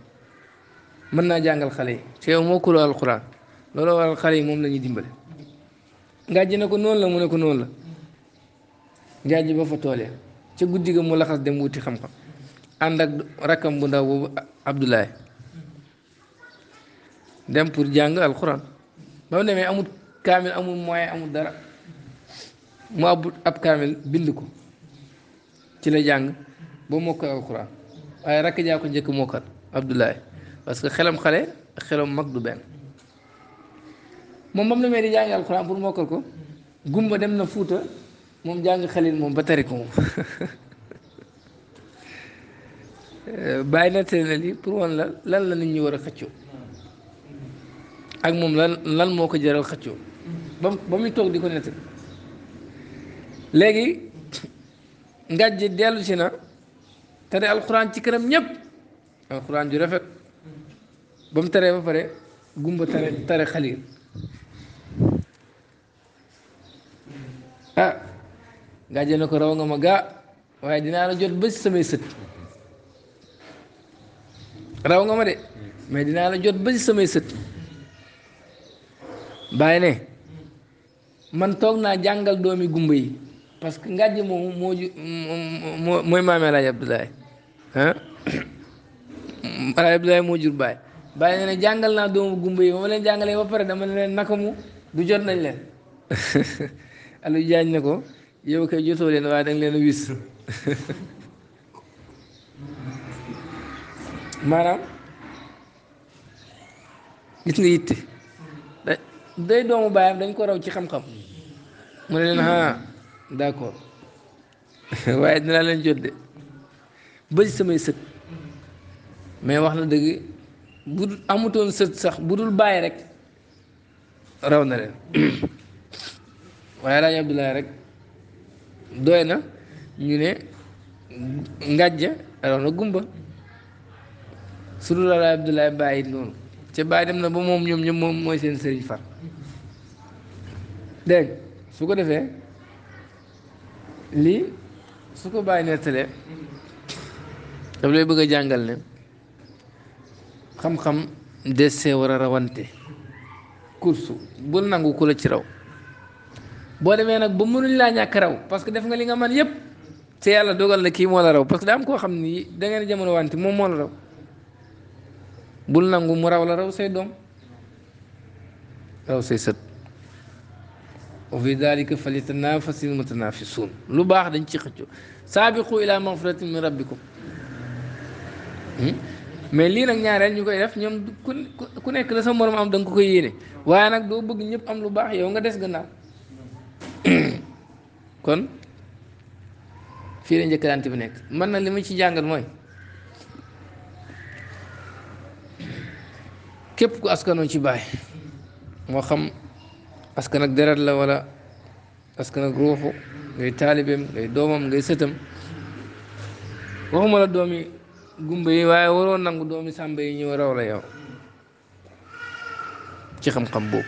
mën naa jàngal xale yi te yow mokkuloo alxuraan looloo waral xale yi moom la ñuy dimbale Gadji ne ko noonu la mu ne ko noonu la Gadji ba fa toolee ca guddi ga mu laxas dem wuti xam-xam ànd ak rakkam bu ndaw boobu Abdoulaye dem pour jàng alxuraan ba mu demee amut kaamil amul moyen amul dara mu ab ab kaamil bind ko ci la jàng ba mokkal alxuraan waaye rakk jaa ko njëkk mokkal Abdoulaye parce que xelam xale ak xelam mag du benn moom moom la may di jàng alxuraan pour mokkal ko gumba dem na Fuuta moom jàng xalil moom ba tari ko moom bàyyi nettali na li pour wan la lan la nit ñi war a xëccoo ak moom lan lan moo ko jaral xëccoo ba muy toog di ko nettali léegi ngàjj dellu si na tare alxuraan ci kanam ñëpp alxuraan ju rafet ba mu taree ba pare gumba tare tare gàjje na ko raw nga ma gaa waaye dinaa la jot ba samay sët raw nga ma de mais dinaa la jot ba ci samay sët bàyyi ne man toog naa jàngal doomi gumba yi parce que ngàjj moomu moo mooy maamee Alaaji Abdoulaye ah Alaaji Abdoulaye moo jur Baye Baye ne jàngal naa doomu gumba yi ba ma leen jàngalee ba pare dama ne leen nakamu du jot nañ leen Aliou Diagne ne ko. yow kay jotoo leen waaye danga leen wis maanaam gis nga yitte day doomu baayam dañ ko raw ci xam-xam mu ne leen ah d'accord waaye dinaa leen jot de ba samay sët mais wax na dëgg bu amutoon sët sax bu dul bàyyi rek raw na leen waaye laaj Abdoulaye rek doy na ñu ne ngàjja raw na gumba su dul alaay abdoulaay bàyyi noonu ca bàyyi dem na ba moom ñoom ñoom moom mooy seen sëriñ far dégg su ko defee lii su ko bàyyi nettalee daf lay bëgg a jàngal ne xam-xam dese war a rawante kursu bul nangu ko la ci raw boo demee nag ba mu mënuñ laa ñàkk raw parce que def nga li nga man yëpp te yàlla dogal na kii moo la raw parce que daa am koo xam ni da ngeen jamono wante moom moo la raw bul nangu mu raw la raw say doom raw say sët wa fi dalika falyatanafasil mutanafisun lu baax dañ ci xëcco saabiqu ila magfiratin min rabbikum hmm? mais lii nag ñaareel ñu koy def ñoom ku nekk la sa morom am da ko koy yéene waaye nag doo bëgg ñëpp am lu baax yow nga des gannaaw kon fii la njëkkalante bi nekk man na li ma ci jàngal mooy képp ku askanoo ci baay moo xam askan nag deret la wala askan ak ruuxu ngay taalibeem ngay doomam ngay sëtam waxuma la doomi gumba yi waaye waroo nangu doomi sàmba yi ñëw raw la yow ci xam-xam boobu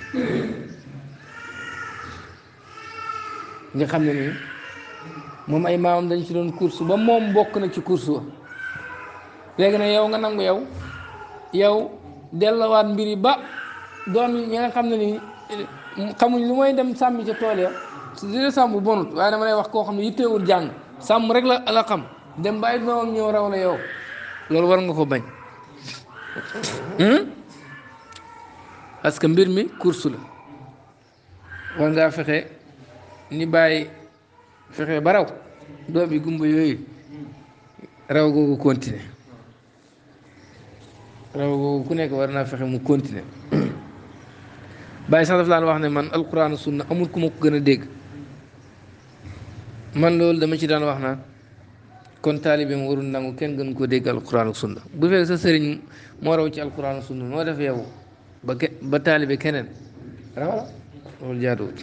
nga xam ne nii moom ay maamam dañ ci doon course ba moom bokk na ci course wa léegi nag yow nga nangu yow yow dellowaat mbir yi ba doon ñi nga xam ne nii xamuñ lu mooy dem sàmmi ca tool ya dina sàmm bonut waaye dama lay wax koo xam ne yitteewul jàng sàmm rek la la xam dem bàyyi doomam ñëw raw la yow loolu war nga ko bañ hmm? parce que mbir mi course la war ngaa fexe ni bàyyi fexe ba raw doom yi gumba yooyu raw googu continuer raw googu ku nekk war naa fexe mu continuer bàyyi sax daf laan wax ne man alquran sunna amul ku ma ko gën a dégg man loolu dama ci daan wax na kon taalibe mu warul nangu kenn gën koo dégg alquran sunna bu fekk sa sëriñ moo raw ci alquran sunna noo def yow ba ke ba taalibe keneen raw la loolu jaaduwul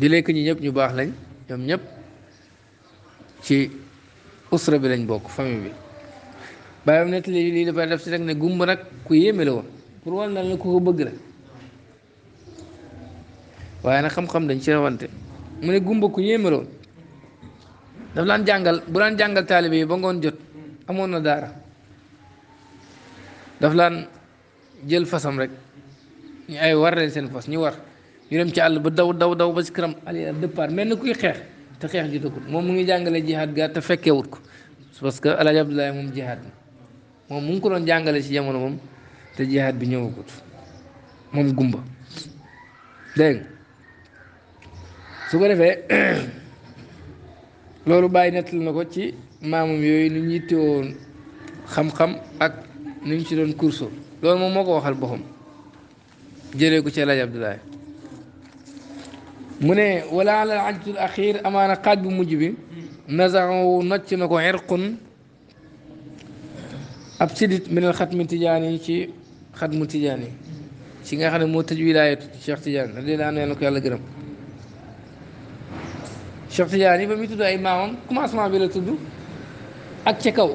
di lekk ñi ñëpp ñu baax lañ ñoom ñëpp ci usra bi lañ bokk famille bi bàyyam nett lii lii dafay def si rek ne gumba nag ku yéeme la woon pour wal na la ku ko bëgg la waaye nag xam-xam dañ ci rawante mu ne gumba ku yéeme la woon daf daan jàngal bu daan jàngal taalibe ba ngoon jot amoon na daara daf daan jël fasam rek ñu ay war leen seen fas ñu war ñu dem ci àll ba daw daw daw ba si kanam Aliou départ mel ni kuy xeex te xeex ji dëkkut moom mu ngi jàngale jihaad ga te fekkee wut ko parce que El Hadj Abdoulaye moom jihaad moom mu ngi ko doon jàngale si jamono moom te jihaad bi ñëwagut moom gumba dégg nga su ko defee loolu bàyyi nettali na ko ci maamam yooyu ni ñuy teewoon xam-xam ak ni ñu ci doon kurso loolu moom moo ko waxal boppam jëre ko ci El Hadj mu ne wala la ajtul axir amaana xaaj bu mujj bi nasaxu nocc na ko xirqun ab sidit minal xatmi tijaani ci xatmu tijaani ci nga xam ne moo tëj wilaayatu Cheikh Tidiane radiyallaahu anhu ko yàlla gërëm Cheikh Tidiane ba muy tudd ay maamam commencement bi la tudd ak ca kaw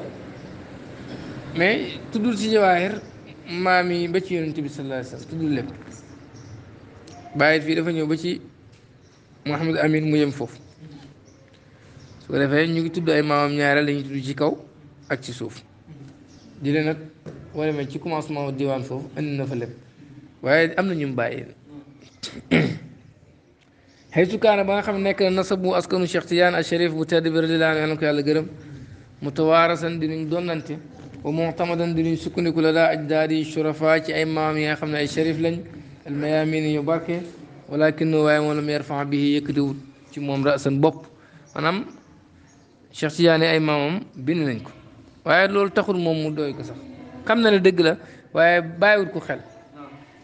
mais tuddul ci jawaahir maam yi ba ci yonent bi sallallaahu alayhi wa sallam tuddul lépp bàyyit fii dafa ñëw ba ci محمد امين مويم فوف سو دافا نيغي تود اي مامام نياارا لا نيغي كاو اك سوف دي لا نك ولا ما سي كومونسمون فوف ان نفا لب واي امنا نيم باي حيث كان با خا نيك نصب اسكن الشيخ الشريف متدبر لله ان الله يالا غرم متوارثا دي نين دونانتي ومعتمدا دي نين سكوني كولا اجدادي شرفاء اي مامام يا خا الشريف لن الميامين يباركه walakinno waaye moom lam yarfa bihi yëkkatiwut ci moom rasan bopp maanaam Cheikh Tidiane ay maamam bind nañ ko waaye loolu taxul moom mu doy ko sax xam na ne dëgg la waaye bàyyiwut ko xel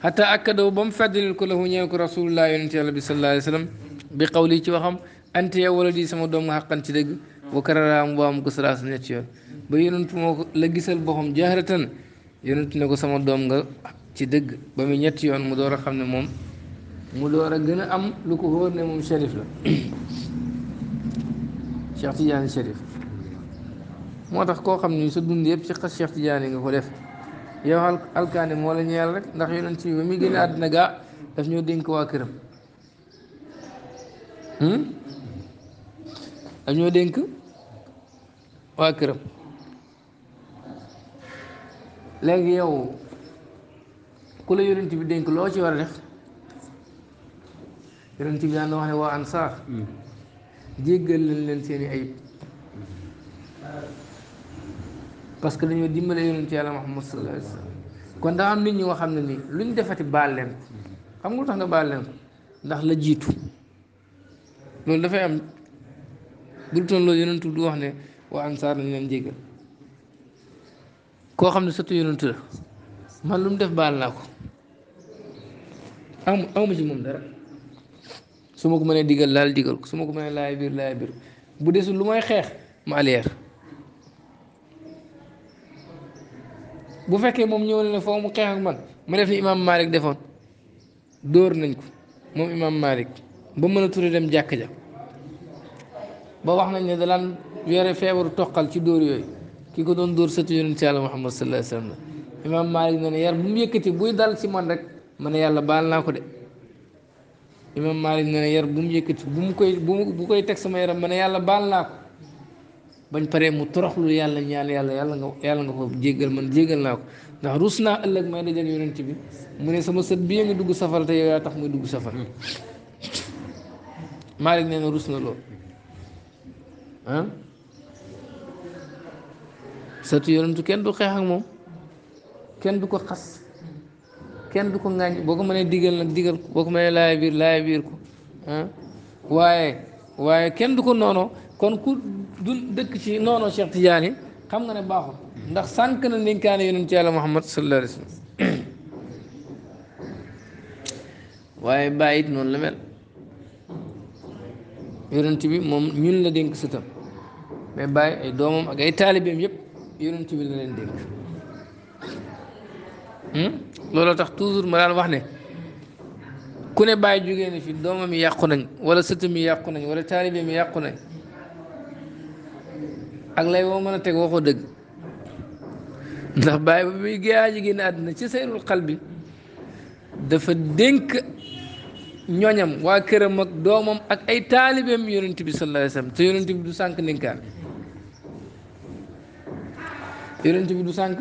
xataa akkadaw ba mu feddalil ko la ñëw ko rasulullah yonente yàlla bi sallallahu alayhi wa sallam bi ci waxam ante yow wala di sama doom nga xaqan ci dëgg wa karara mu baamu ko sa ñett yoon ba yonentu moo ko la gisal boppam jaharatan yonentu ne ko sama doom nga ci dëgg ba mu ñetti yoon mu door a xam ne moom mu door a gën a am lu ko wóor ne moom shérif la Cheikh Tidiane shérif moo tax koo xam ni sa dund yëpp ci xas Cheikh Tidiane nga ko def yow alkaani moo la ñeel rek ndax yonent bi ba muy génn àddina gaa daf ñoo dénk waa këram daf ñoo dénk waa këram léegi yow ku la yonent bi dénk loo ci war a def yonent bi daan na wax ne waa ansaar jéggal leen leen seeni ayib parce que dañoo dimbale yonent yàlla Muhammad kon daa am nit ñi xam ne nii luñ defati baal leen xam nga tax nga baal leen ndax la jiitu loolu dafay am bu dutoon loolu yonentu du wax ne waa ansaar nañ leen jéggal koo xam ne sëtu yonentu la man lu mu def baal naa ko am awma ci moom dara su ma ko mënee digal laal digal ko su ma ko mënee laay biir laay bu desul lu may xeex ma allier bu fekkee moom ñëw na ne foo mu xeex ak man ma def ni imaam Malik defoon dóor nañ ko moom imaam Malik ba mën a ture jàkk ja ba wax nañ ne dalaan yore feebaru toqal ci dóor yooyu ki ko doon dóor sëtu yonent yàlla Muhammad sallallahu alayhi wa sallam mu yëkkati buy dal ci man rek ma ne yàlla baal naa ko de imam Malik nee na yar bu mu yëkkati bu mu koy bu mu bu koy teg sama yaram man ne yàlla baal naa ko bañ paree mu toroxlu yàlla ñaan yàlla yàlla nga yàlla nga ko jéggal man jéggal naa ko ndax ruus naa ëllëg may dajal yonent bi mu ne sama sët bi nga dugg safara te yow yaa tax muy dugg safara Malik nee na rus na lool ah sëtu kenn du xeex ak moom kenn du ko xas kenn du ko ŋàññ boo ko mënee digal nag digal ko boo ko mënee laaya biir laaya biir ko ah waaye waaye kenn du ko noono kon ku du dëkk ci noono Cheikh Tidiane xam nga ne baaxul ndax sànq na ndénkaane yonent ci yàlla Muhammad sallallahu alayhi wa sallam waaye Baay it noonu la mel yonent bi moom ñun la dénk sëtam mais Baay ay doomam ak ay taalibeem yëpp yonent bi la leen dénk. Hmm? looloo tax toujours ma daan wax ne ku ne bàyyi jógee ne fi doomam yi yàqu nañ wala sët mi yàqu nañ wala taalibe mi yàqu nañ ak lay woo mën a teg waxoo dëgg ndax bàyyi ba muy géyaa ji génn àddina ci seyrul xal bi dafa dénk ñoñam waa këram ak doomam ak ay taalibeem yonent bi sallallahu alayhi wa sallam te yonent bi du sànq ndénkaan yonent bi du sànq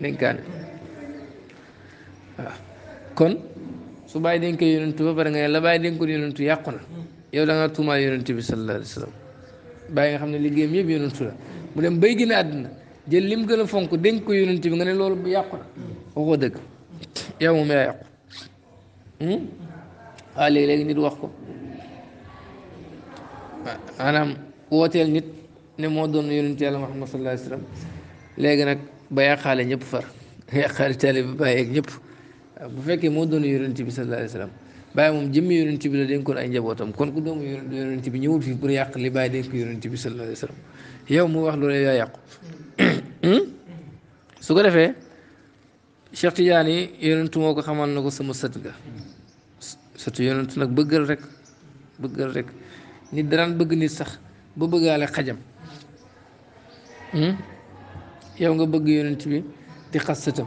ndénkaan waaw kon su bàyyi dénk yonentu ba pare nga ne la bàyyi dénkoon yonentu yàqu na yow da nga tuumaal yonentu bi sallallahu bàyyi nga xam ne liggéeyam yëpp yonentu la mu dem bay gën a àddina jël lim gën a fonk dénk ko yonentu bi nga ne loolu bu yàqu na waxoo dëgg yow moom yaa yàqu hmm? waaw léegi-léegi wax ko maanaam wooteel nit ne moo doon yonentu yàlla Muhammad sallallahu alayhi wa sallam léegi nag ba yàqaale ñëpp far yàqaale taalibe bi bàyyeeg ñëpp bu fekkee moo doon yonent bi sallallahu alayhi wa sallam bàyyi moom jëmmi yonent bi la dénkoon ay njabootam kon ku doomu yonent bi ñëwul fii pour yàq li bàyyi dénk yonent bi sallallahu alayhi wa sallam yow mu wax loolu yaa yàqu su ko defee Cheikh Tidiane yonent moo ko xamal na ko sama sët ga sëtu yonent nag bëggal rek bëggal rek nit daraan bëgg nit sax ba bëggaale xajam yow nga bëgg yonent bi di xas sëtam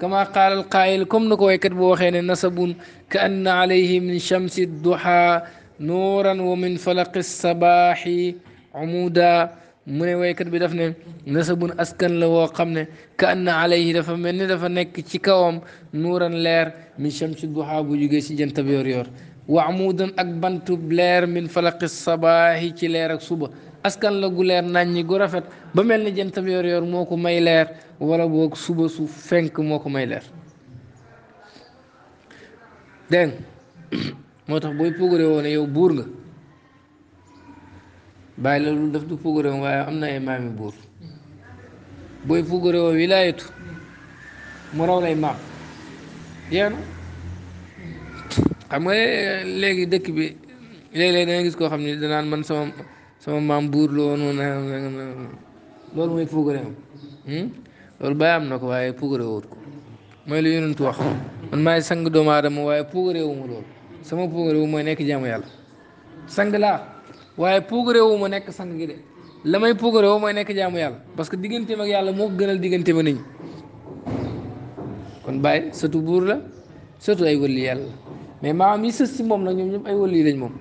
كما قال القائل كم نكو يكت بوخين نسبون كأن عليه من شمس الضحى نورا ومن فلق الصباح عمودا من ويكت بدفن نسبون أسكن لو وقمن كأن عليه دفا من دفا نك نورا لير من شمس الضحى بوجي سجن تبير يور وعمودا أكبنت بلير من فلق الصباح تلير صبح askan la gu leer naññi gu rafet ba mel ni jëntam yor yor moo ko may leer wala boo suba su fenk moo ko may leer dégg moo tax booy pogoré woone yow buur nga bàyyi la lu def du pogoré waaye am na ay maami buur booy pogoré woon wilaayatu mu raw lay maam yéen xam nga léegi dëkk bi léeg-léeg da gis koo xam ne danaan man sama sama maam buur la woon eh, eh, eh, loolu mooy puugare am hmm? loolu bàyyi am na ko waaye puugare wut ko mooy li yonent wax man maay sang doomu aadama waaye puugare wu ma loolu sama puugare mooy nekk jaamu yàlla sang laa waaye puugare wu ma nekk sang gi de la may puugare wu nekk jaamu yàlla parce que digganteem ak yàlla moo ko gënal digganteem ak nit ñi kon bàyyi sëtu buur la sëtu ay wëlli yàlla mais maam yi sës moom nag ñoom ñëpp ay wëlli lañ moom.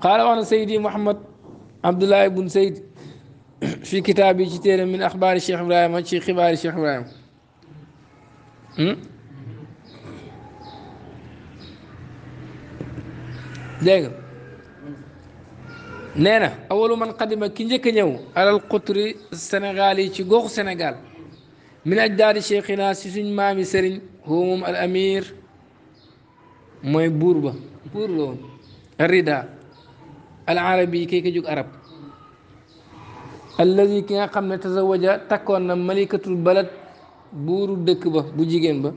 قال وانا سيدي محمد عبد الله بن سيد في كتابي كتير من اخبار الشيخ ابراهيم من شيخ اخبار الشيخ ابراهيم دايغ نعم اول من قدم كي نجي كنيو على القطري السنغالي تي غوخ سنغال من اجداد شيخنا سيسن مامي سرين هوم الامير موي بوربا بورلون الرداء al arabi kay ka jóg arab allazi ki nga xam ne tazawaja takkoon na malikatul balad buuru dëkk ba bu jigéen ba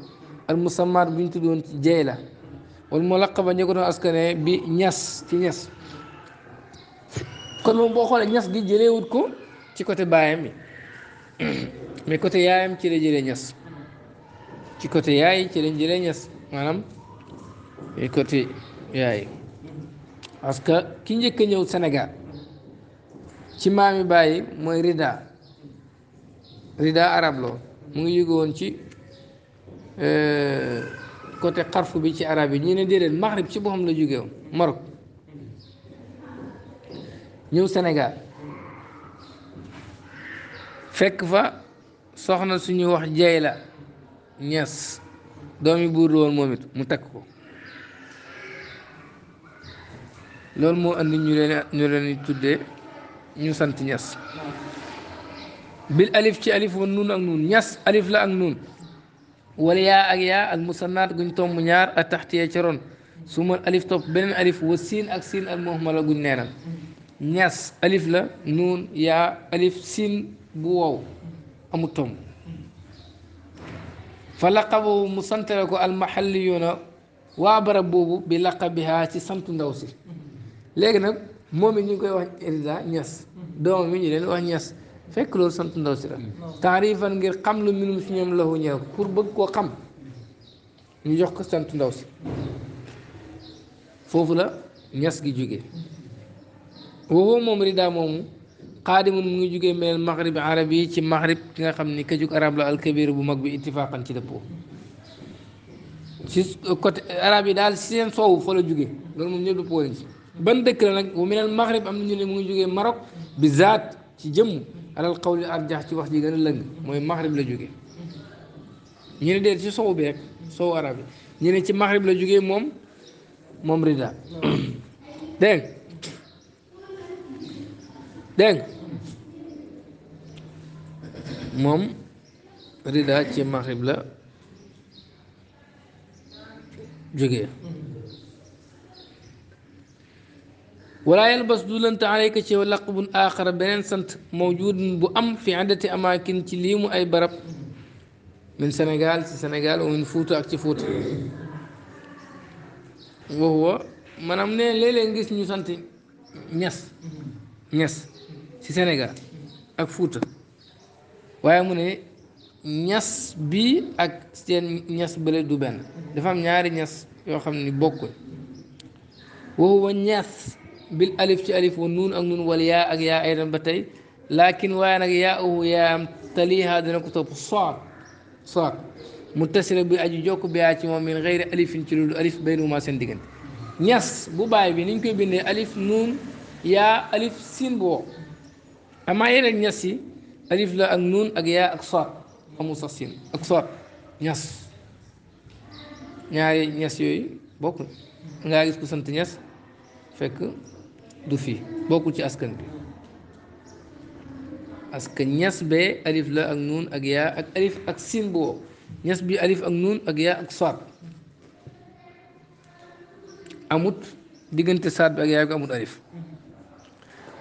al musamaat bu ñu tuddoon ci la wal mulaqaba ñu ko doon askane bi ñas ci ñas kon moom boo xoolee ñas gi jëleewut ko ci côté baayam yi mais côté yaayam ci la jëlee ñas ci côté yaay ci lañ jëlee ñas maanaam côté yaay parce que ki njëkk a ñëw Sénégal ci maami bàyyi mooy Rida Rida arab loo mu ngi yëgu woon ci euh, côté xarfu bi ci arab yi ñu ne déedéet Maghrib ci boppam la jóge woon Maroc ñëw Sénégal fekk fa soxna suñu wax Jeyla Ñas doomi buur woon moom it mu takk ko loolu moo andi ñu leen ñu tuddee ñu sant ñas bil alif ci alif wa nuun ak nuun ñas alif la ak nuun wala yaa ak yaa al musannaat guñ tomb ñaar a taxtiya ca ron suma alif topp beneen alif wa siin ak siin al muhmala guñ neeral ñas alif la nuun yaa alif siin bu wow amu tomb fa laqabu mu santale ko al maxalliyuuna waa barab boobu bi laqabihaa ci sant ndaw si léegi nag moom it ñu ngi koy wax Elisa ñas doomam mi ñu leen wax ñas fekk loolu sant ndaw si la taarifan ngir xam lu minum si ñoom laxu ñëw pour bëgg koo xam ñu jox ko sant ndaw si foofu la ñas gi jóge waxoo moom rida moomu xaadimun mu ngi jógee mel maghrib arab yi ci maghrib ki nga xam ni ka jug arab la alkabir bu mag bi ittifaqan ci dëppoo ci côté arab yi daal si seen soowu fa la jóge loolu moom ñëpp dëppoo nañ ban dëkk la nag wa min al maghrib am na ñu ne mu ngi jógee Maroc bi zaat ci jëmm alal qawli arjax ci wax ji gën a lëng mooy maghrib la jógee ñu ne dee ci sow bi rek sow arab yi ñu ne ci maghrib la jóge moom moom rida dégg dégg moom rida ci maghrib la jóge walaa yalbas du lënt alayka ci yow laqbun aaxara beneen sant mawjudun bu am fi addati amaakin ci lii mu ay barab min Sénégal ci Sénégal wa ak ci Fuuta waxuwa maanaam ne léeg-léeg ngis ci Sénégal ak Fuuta waaye mu ne ñes bi ak seen ñes bële du benn dafa am ñaari ñas yoo xam ni bokkuñ waxuwa ñes bil alif ci alif wa nuun ak nuun wala yaa ak yaa aydan ba tey laakin waaye nag yaa uhu yaa am taliha dina ko topp soor soor mu tasira bi aju jokk bi yaa ci moom min xëyri alifin ci loolu alif baynuma seen diggante ñas bu baay bi niñ koy bindee alif nuun yaa alif siin bu wow amaa yeneen ñas alif la ak nuun ak yaa ak soor amul siin ak soor ñas ñaari ñas yooyu bokkul ngaa gis ku ñas du fi bokku ci askan bi askan que ñas bee alif la ak nun ak ya ak alif ak sin bo ñas bi alif ak nun ak ya ak sad amut diggante sad ak ya ak amut alif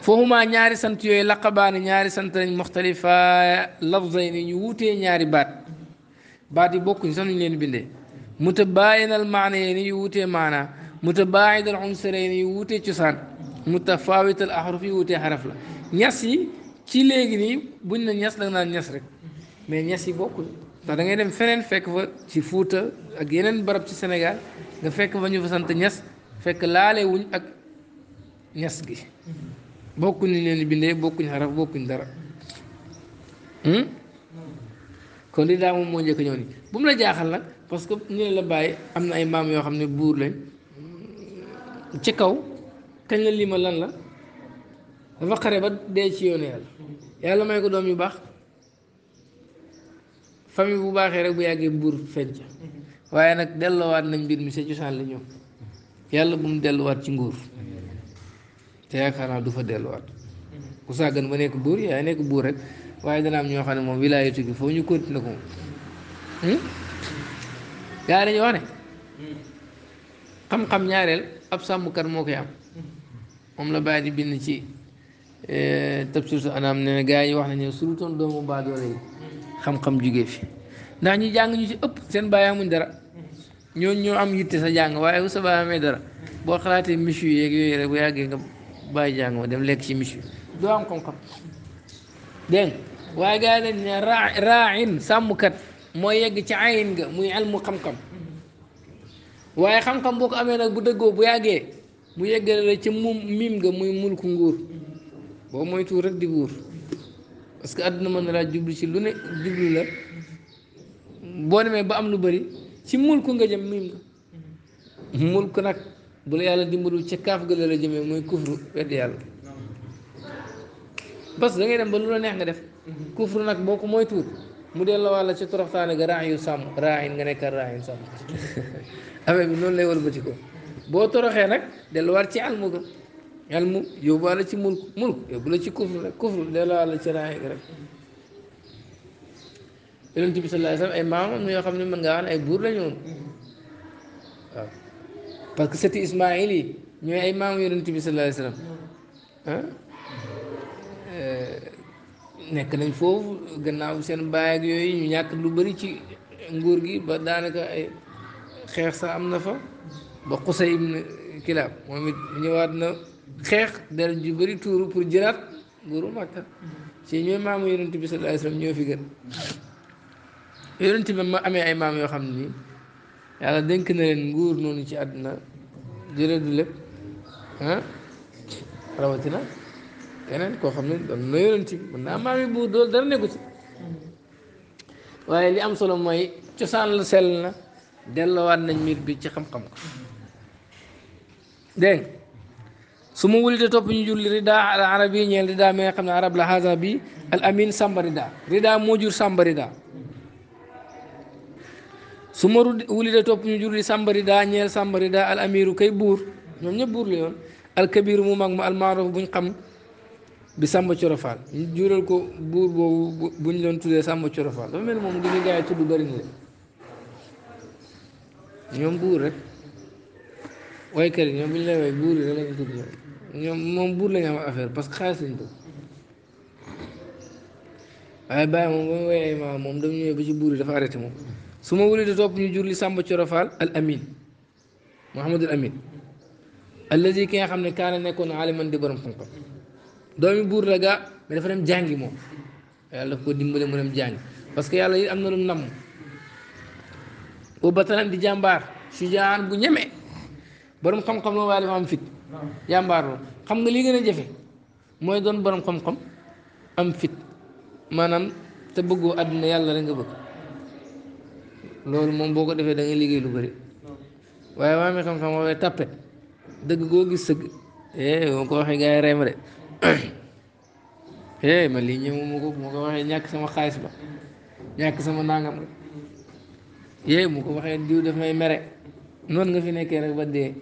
foofumaa ñaari sant yoy laqabaane ñaari sant lañ muxtalifa lafzayn ñu wuté ñaari baat baati bokku ñu sañu nuñ leen bindee mutabaayinal maana yi ni yu wutee maana mutabaayidal unsaray ni yu wutee cosaan mu mutafaawital axruf yi wutee xaraf la ñas yi ci léegi nii buñ ne ñas la naan ñas rek mais ñas yi bokkul ndax da ngay dem feneen fekk fa ci Fuuta ak yeneen barab ci Sénégal nga fekk fa ñu fa sant ñas fekk laale wuñ ak ñas gi bokkuñ ni leen bindee bokkuñ xaraf bokkuñ dara hmm? kon li daa moom moo njëkk ñëw ni bu mu la jaaxal nag parce que ñu ne la bàyyi am na ay maam yoo xam ne buur lañ ci kaw kañ la limal lan la dafa xare ba dee ci yoonu yàlla yàlla may ko doom yu baax famille bu baaxee rek bu yàggee buur fenc waaye nag delluwaat na mbir mi sa cosaan la ñëw yàlla bu mu delluwaat ci nguur te yaakaar naa du fa delluwaat ku sàggan ba nekk buur yaay nekk buur rek waaye dana am ñoo xam ne moom wilaayatu gi foofu ñu continué ko moom gaa dañu wax ne hmm. xam-xam ñaareel ab sàmmkat moo koy am moom la bàyyi di bind ci e, tafsir su anam ne na yi wax nañu surutoon doomu baadoole yi xam-xam jugee fi ndax ñu jàng ñu ci ëpp seen bàyyi amuñ dara ñoo ñoo am yitte sa jàng waaye bu sa bàyyi amee dara boo xalaatee michu yeeg yooyu rek bu yàggee nga baay jàng ma dem lekk ci michu doo am xam-xam dégg waaye gars yi dañ ne raain sàmmkat mooy yegg ci ayin ga muy almu xam-xam waaye xam-xam boo ko amee nag bu dëggoo bu yàggee mu yeggale la ca moom miim nga muy mulku nguur boo moytuwul rek di buur parce que àdduna mën na laa jublu ci lu ne jublu la boo demee ba am lu bari ci mulku nga jëm miim nga mulku nag bu la yàlla dimbalul ci kaaf ga la la mooy kufru wedd yàlla parce que ngay dem ba lu la neex nga def kufru nag boo ko moytuwul mu delloo wàlla ci toroxtaane ga raax yu sàmm raaxin nga nekk raaxin sàmm affaire bi noonu lay wëlbati ko boo toroxee nag delluwaat ci almu ga almu yóbbuwaale ci mulk mulk yóbbu la ci kufru rek kufru delluwaale ci raaya ga rek yonent ay maam am xam ne mën ngaa wax ne ay buur la ñu woon waaw parce que sëti Ismaayil ay maamu yonent bi sallallahu alayhi wasallam eh, nekk nañ foofu gannaaw seen baay ak yooyu ñu ñàkk lu bari ci nguur gi ba daanaka ay xeex sa am na fa ba Xusay ibn Kilaab moom it ñëwaat na xeex deret ju bari tuuru pour jëlaat nguuru Màkka ci ñooy maamu yonent bi sallallahu alayhi ñoo fi gën yonent bi ma amee ay maam yoo xam ne yàlla dénk na leen nguur noonu ci àdduna jëlee du lépp ah, rawatina keneen koo xam ne doon na yonent bi naa maam yi buur dool dara nekku ci waaye li am solo mooy cosaan la sell na dellowaat nañ mbir bi ci xam-xam ko dégg su ma wuli de topp ñu jur li rida al arab yi ñeel rida mi xam ne arab la bi al amin sàmba rida rida moo jur sàmba rida su ma wuli de topp ñu jur sàmba rida ñeel sàmba rida al amiru kay buur ñoom ñëpp buur la al kabiru mu mag mu al maaruf buñ xam bi sàmba corofal ñu jural ko buur boobu buñ doon tuddee sàmba corofal dafa mel moom li ñu gaa tudd bëri na ñoom buur rek waykat yi ñoom bu ñu lay am affaire parce que xaalis lañ waaye moom ba ci buur yi dafa arrêté moom su ma wëlee di topp ñu jur li Samba al Amin Mouhamadul Amin allazi ki nga xam ne kaana nekkoon aliman di borom xam-xam doomi buur la gaa mais dafa dem jàngi moom yàlla daf ko dimbale mu dem jàngi parce que yàlla yi am na lu mu namm boobu ba di jàmbaar sujaan bu ñeme. boroom xam-xam la waaye dafa am fit jàmbaar xam nga li gën a jafe mooy te bëggoo àdduna yàlla rek nga bëgg loolu moom boo ko defee dangay liggéey lu bëri waaye waa mi xam-xam waaye tàppe dëgg goo gis sëgg eh boo ko waxee gars yi reem de eh man lii ñëw mu ko mu ko waxee ñàkk sama xaalis ba ñàkk sama nangam rek eh mu ko waxee diw daf may mere noonu nga fi nekkee rek ba dee.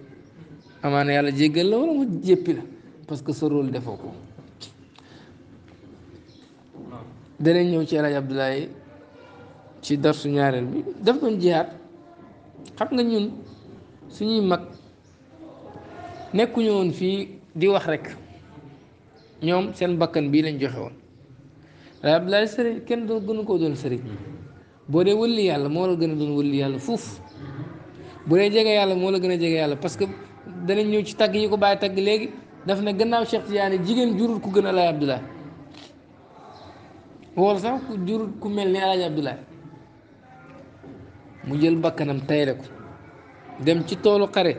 amaana yàlla jéggal la wala mu jéppi la parce que sa defoo ko danañ ñëw ci El Hadj Abdoulaye ci darsu ñaareel bi daf doon jihaat xam nga ñun suñuy mag nekkuñu woon fii di wax rek ñoom seen bakkan bii lañ joxe woon El sëriñ kenn doon gënu koo doon sëriñ boo dee wëlli yàlla moo la gën a doon wëlli yàlla fuuf boo dee jege yàlla moo la gën a jege yàlla parce que. danañ ñëw ci tagg yi ko bàyyi tagg léegi daf na gannaaw Cheikh Tidiane jigéen jurul ku gën Alaaji Abdoulaye wala sax ku jurul ku mel ni Alaaji Abdoulaye mu jël bakkanam tayle ko dem ci toolu xare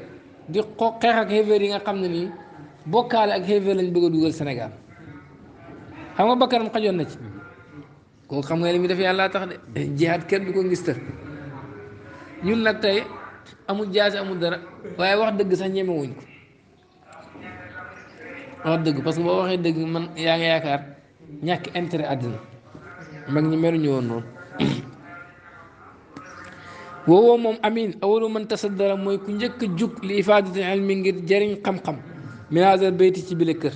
di xoo xeex ak xeefeer yi nga xam ne nii bokkaale ak xeefeer lañ bëgg a dugal Sénégal xam nga bakkanam xajoon na ci kooku xam nga li mu def yàlla tax de eh, jihaad kenn du ko ngis ñun nag tey amul jaasi amul dara waaye wax dëgg sax ñemewuñ ko wax dëgg parce que boo waxee dëgg man yaa ngi yaakaar ñàkk intere àddina mag ñi meluñu woon noonu woowoo moom amin awalu man tasaddara mooy ku njëkk a jug li ifaadati ilmi ngir jariñ xam-xam minazal bayti ci bile kër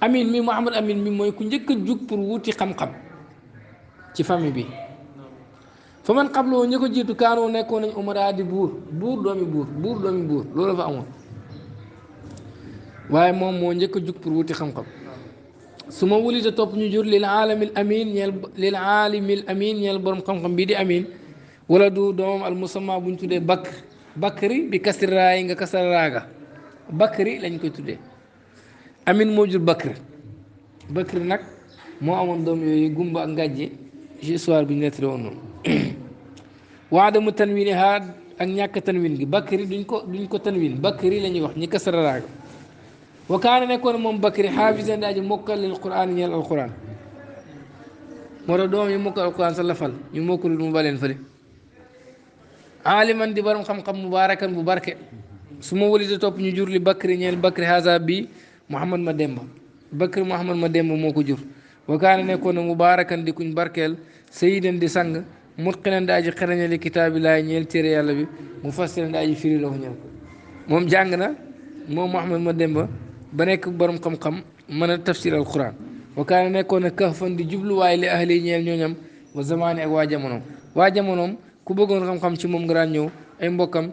amin mi muhammad amin mi mooy ku njëkk a jug pour wuti xam-xam ci famille bi fa man xabloo ñi ko jiitu kaanoo nekkoo nañ umara di buur buur doomi buur buur doomi loolu fa amoon waaye moom moo njëkk a jug pour wuti xam-xam su ma wulite topp ñu jur lil aalamil amin ñeel lil aalimil amin ñeel borom xam-xam bii di amin wala du doomam al musamma bu ñu tuddee bakr bi kasri yi nga kasara raaga lañ koy tuddee amin moo jur bakr bakri nag moo amoon doom yooyu gumba ak ngàjje سؤال بنيت لون وعدم التنوين هذا أن ياك تنوين بكري دينكو دينكو تنوين بكري لن يوح نكسر راق وكان يكون من بكري حافظا لأجل موكا للقرآن يال القرآن مردوم يموكا القرآن صلى فل يموكا للمبالين فلي عالما دي برم خم خم مباركا مباركا سمو ولد توب نجور لبكري نيال بكري هذا بي محمد مديمبا بكري محمد مديمبا موكو جور وكان نكون مباركا لكون بركل سيدا دي سانغ متقنا داجي خرنا لكتاب الله نيل تيري يالا بي داجي فيري لو نيل موم جانغنا موم محمد مدمبا با نيك كم خم خم من تفسير القران وكان نكون كهفا دي جبل واي لاهل نيل نيونم وزمان اك واجامونو واجامونوم كو بوغون خم خم سي موم غران نيو اي مبوكم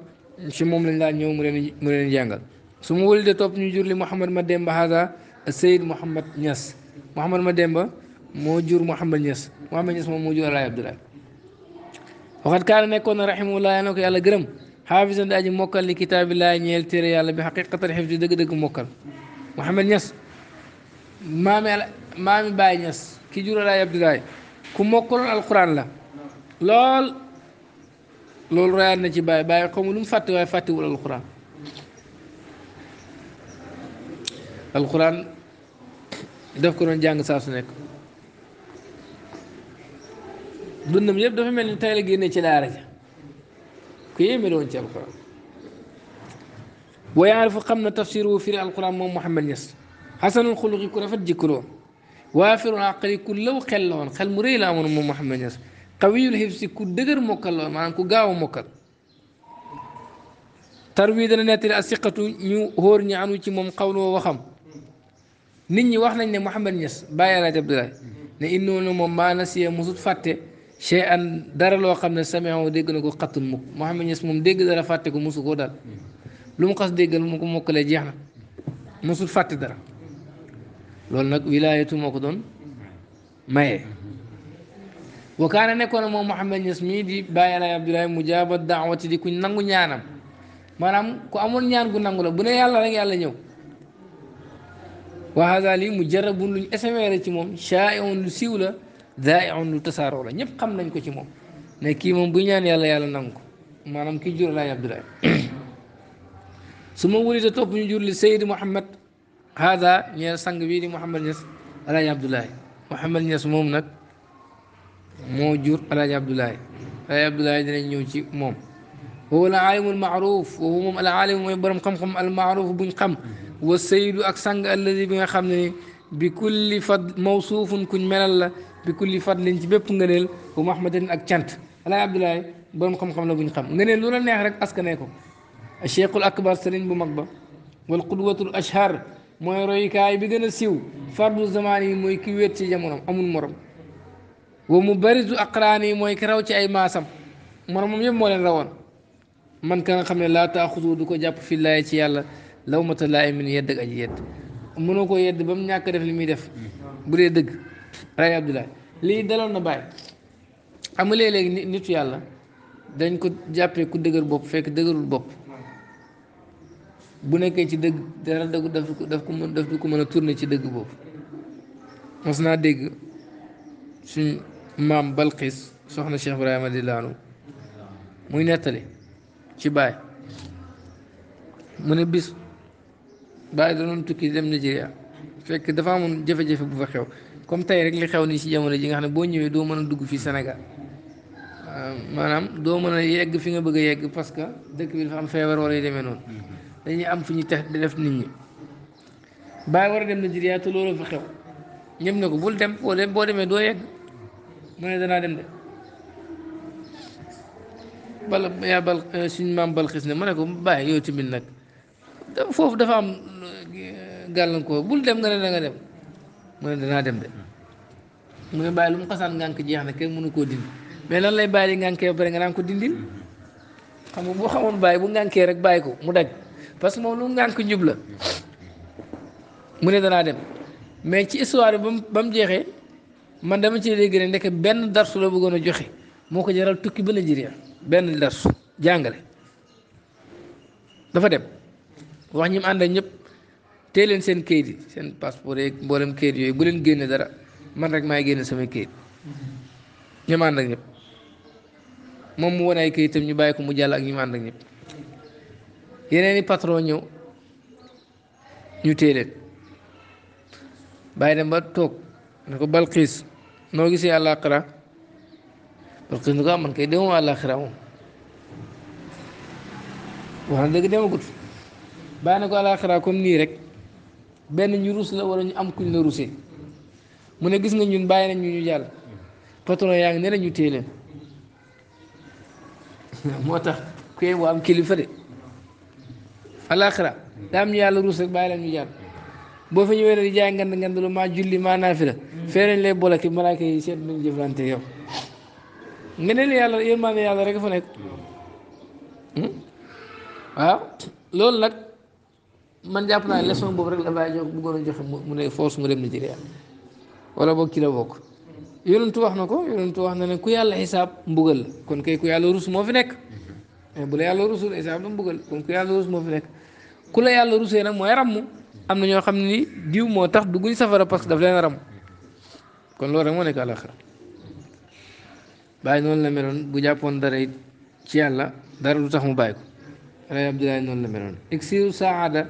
سي موم لن لا نيو مولين مولين جانغال سومو ولد توب ني جورلي محمد هذا السيد محمد نياس Mouhamad Mademba moo jur Mouhamad Niass Mouhamad Niass moom moo jur Alaaji Abdoulaye waxat kaana nekkoon na rahimahullah na ko yàlla gërëm xaafisan di aji mokkal li kitaabillahi ñeel téere yàlla bi xaqiqatan xifdi dëgg-dëgg mokkal Mouhamad Niass maami maami Baye Niass ki jur Alaaji Abdoulaye ku mokkaloon alquran la lool loolu royaat na ci Baye Baye xaw ma lu mu fàtte waaye fàttewul alquran alquran daf ko doon jàng saa su nekk dundam yëpp dafa mel ni tey la génne ci daara ja ku yéeme doon ci alquran wa yaarifu xam na tafsir wu firi alquran moom Mouhamed Niass xasanul xuluqi ku rafet jikkuloo waafirul aqli ku xel mu rëy la amoon moom Mouhamed ku dëgër mokkal la woon ku gaaw a mokkal tarwi dana nettali asiqatu ñu hóor ñi anu ci moom xawloo waxam. nit ñi wax nañ ne Mouhamed Niass bàyyi laaj Abdoulaye ne innoonu moom maa nasiya musut fàtte chey an dara loo xam ne samewo dégg na ko xattun mukk Mouhamed Niass moom dégg dara fàtte ko musu koo dal lu mu xas déggal mu ko mokkalee jeex na musut fàtte dara loolu nag wilaayatu moo ko doon maye wa kaana nekkoon moom Mouhamed Niass mii di bàyyi laaj Abdoulaye mu jaaba daawati di kuñ nangu ñaanam maanaam ku amoon ñaan gu nangu la bu ne yàlla rek yàlla ñëw وهذا لي مجرب لو اسمير تي موم شائع لو سيولا ذائع لو تسارع لا نيب خم نانكو تي موم ني كي موم بو نيان يالا يالا نانكو مانام كي جور الله عبد الله سما وليد توب ني جور لي سيد محمد هذا ني سانغ وي دي محمد نيس الله عبد الله محمد نيس موم نك مو جور الله عبد الله الله عبد الله دي نيو تي موم هو العالم المعروف وهو العالم ويبرم خم المعروف بن خم والسيد أكسان الذي بما خمني بكل فضل موصوف كن من الله بكل فضل جبب نغنيل ومحمد أكشنت على عبد الله بن خم خم لبن خم نغنيل لولا نحرك أسكنيكم الشيخ الأكبر سرين بمقبة والقدوة الأشهر ما يرويك أي بدن السيو فرد الزماني ما يكويت جمونا أمون مرم ومبارز أقراني ما يكراوش أي ماسم مرم يم مولين روان من كان خمي لا تأخذوا دكو جاب في الله يتي law mata laa min yedd ak aji yedd mënoo ko yedd ba mu ñàkk def li muy def bu dee dëgg ray abdoulaye lii daloon na bàyyi xam nga léeg nitu yàlla dañ ko jàppee ku dëgër bopp fekk dëgërul bopp bu nekkee ci dëgg dara dëgg ko mën daf ko mën a tourner ci dëgg boobu mos naa dégg suñ maam Balqis soxna Cheikh Ibrahima di laanu muy nettali ci baay mu ne bis bàyyi danoon tukki dem Nigeria fekk dafa amoon jafe-jafe bu fa xew comme tey rek li xew nii si jamono ji nga xam ne boo ñëwee doo mën dugg fii Sénégal euh, maanaam doo mën a yegg fi nga bëgg a yegg parce que dëkk bi am feebar wala yu demee noonu mhm. dañuy am fu ñu tax di def nit ñi bàyyi war dem Nigeria te loolu fa xew ñëpp ne ko bul dem boo dem boo demee doo yegg mu ne danaa dem de bal euh, suñu maam bal xis ne ma ne ko bàyyi yoo tamit nag fofu dafa am eh, ko bul dem nga ne nga dem mu ne dana dem de mu ne bay lu mu xasaan ngank jeex na kenn mënu ko dindi mais lan lay bay li ngànkee ba pare nga nan ko dindil xam bu xamone bay bu ngànkee rek bay ko mu daj parce que moom lu ngank njub la mu ne dana dem mais ci histoire bam bam jeexé man dama ci dégg ne nek ben darsu la bëggoon joxé moko jaral tukki ba Nigeria ben darsu jangale dafa dem. wax ñi mu ànd ak ñëpp téye leen seen kayit yi seen passeport yeeg mboolem kayit yooyu bu leen génne dara man rek may génne samay kayit ñi mu ànd ak ñëpp moom mu wane ay kayitam ñu bàyyi ko mu jàll ak ñi mu ànd i patron ñëw ñu téye bàyyi dem ba toog ne ko Balxiis noo gisee àllaaxira Balxiis ni ko ah, man kay demoo àllaaxira moom wax na dëgg demagut. bàyyi na ko àllaaxira comme nii rek benn ñu rus la wala ñu am kuñ la rusee mu ne gis nga ñun bàyyi nañ ñu ñu jàll patron yaa ngi ne ñu téye leen moo tax kuy mu kilifa de àllaaxira daa am ñu yàlla rus rek bàyyi la ñu jàll boo fa ñëwee ne di jaay ngand ngand lu maa julli maa naafila fee nañ lay bolaki malaaka yi seet nañ jëflante yow nga ne la yàlla yërmaande yàlla rek fa nekk hmm? waaw loolu nag. man jàpp naa leçon boobu rek la bàyyi jox bëggoon a joxe mu ne force mu dem Nigeria wala boog ci la bokk yonentu wax na ko yonentu wax na ne ku yàlla xisaab mbugal la kon kay ku yàlla rus moo fi nekk bu la yàlla rusul xisaab du mbugal kon ku moo fi nekk ku la yàlla rusee nag mooy ràmm am na ñoo xam ni diw moo tax dugguñ safara parce que daf leen ràmm kon loolu rek moo nekk àlaxira bàyyi noonu la meloon bu jàppoon dara it ci yàlla dara du tax mu bàyyi ko rey Abdoulaye noonu la meloon iksiru saada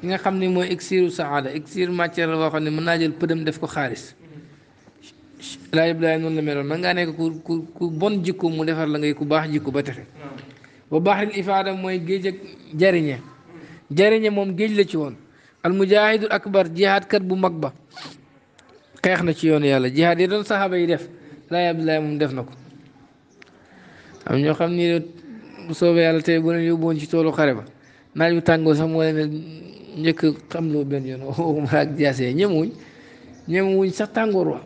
ki nga xam ni mooy iksiru saada iksir matière la boo xam ne mën naa jël pëdëm def ko xaalis laa ibrahim la meloon man nekk ku ku bon mu defar la ngay baax jikko ba tefe ba baaxril ifaada mooy géej ak moom géej la ci woon al mujahidul akbar jihaad kat bu mag ba na ci yoon yàlla jihaad yi doon saxaaba def moom def na ko am ñoo xam ni bu soobee yàlla tey bu leen yóbbuwoon ci toolu xare ba naaj bu tàngoo sax moo leen njëkk xam loo benn yoon waxuma ak jaasee ñemewuñ wuñ sax tàngoor wa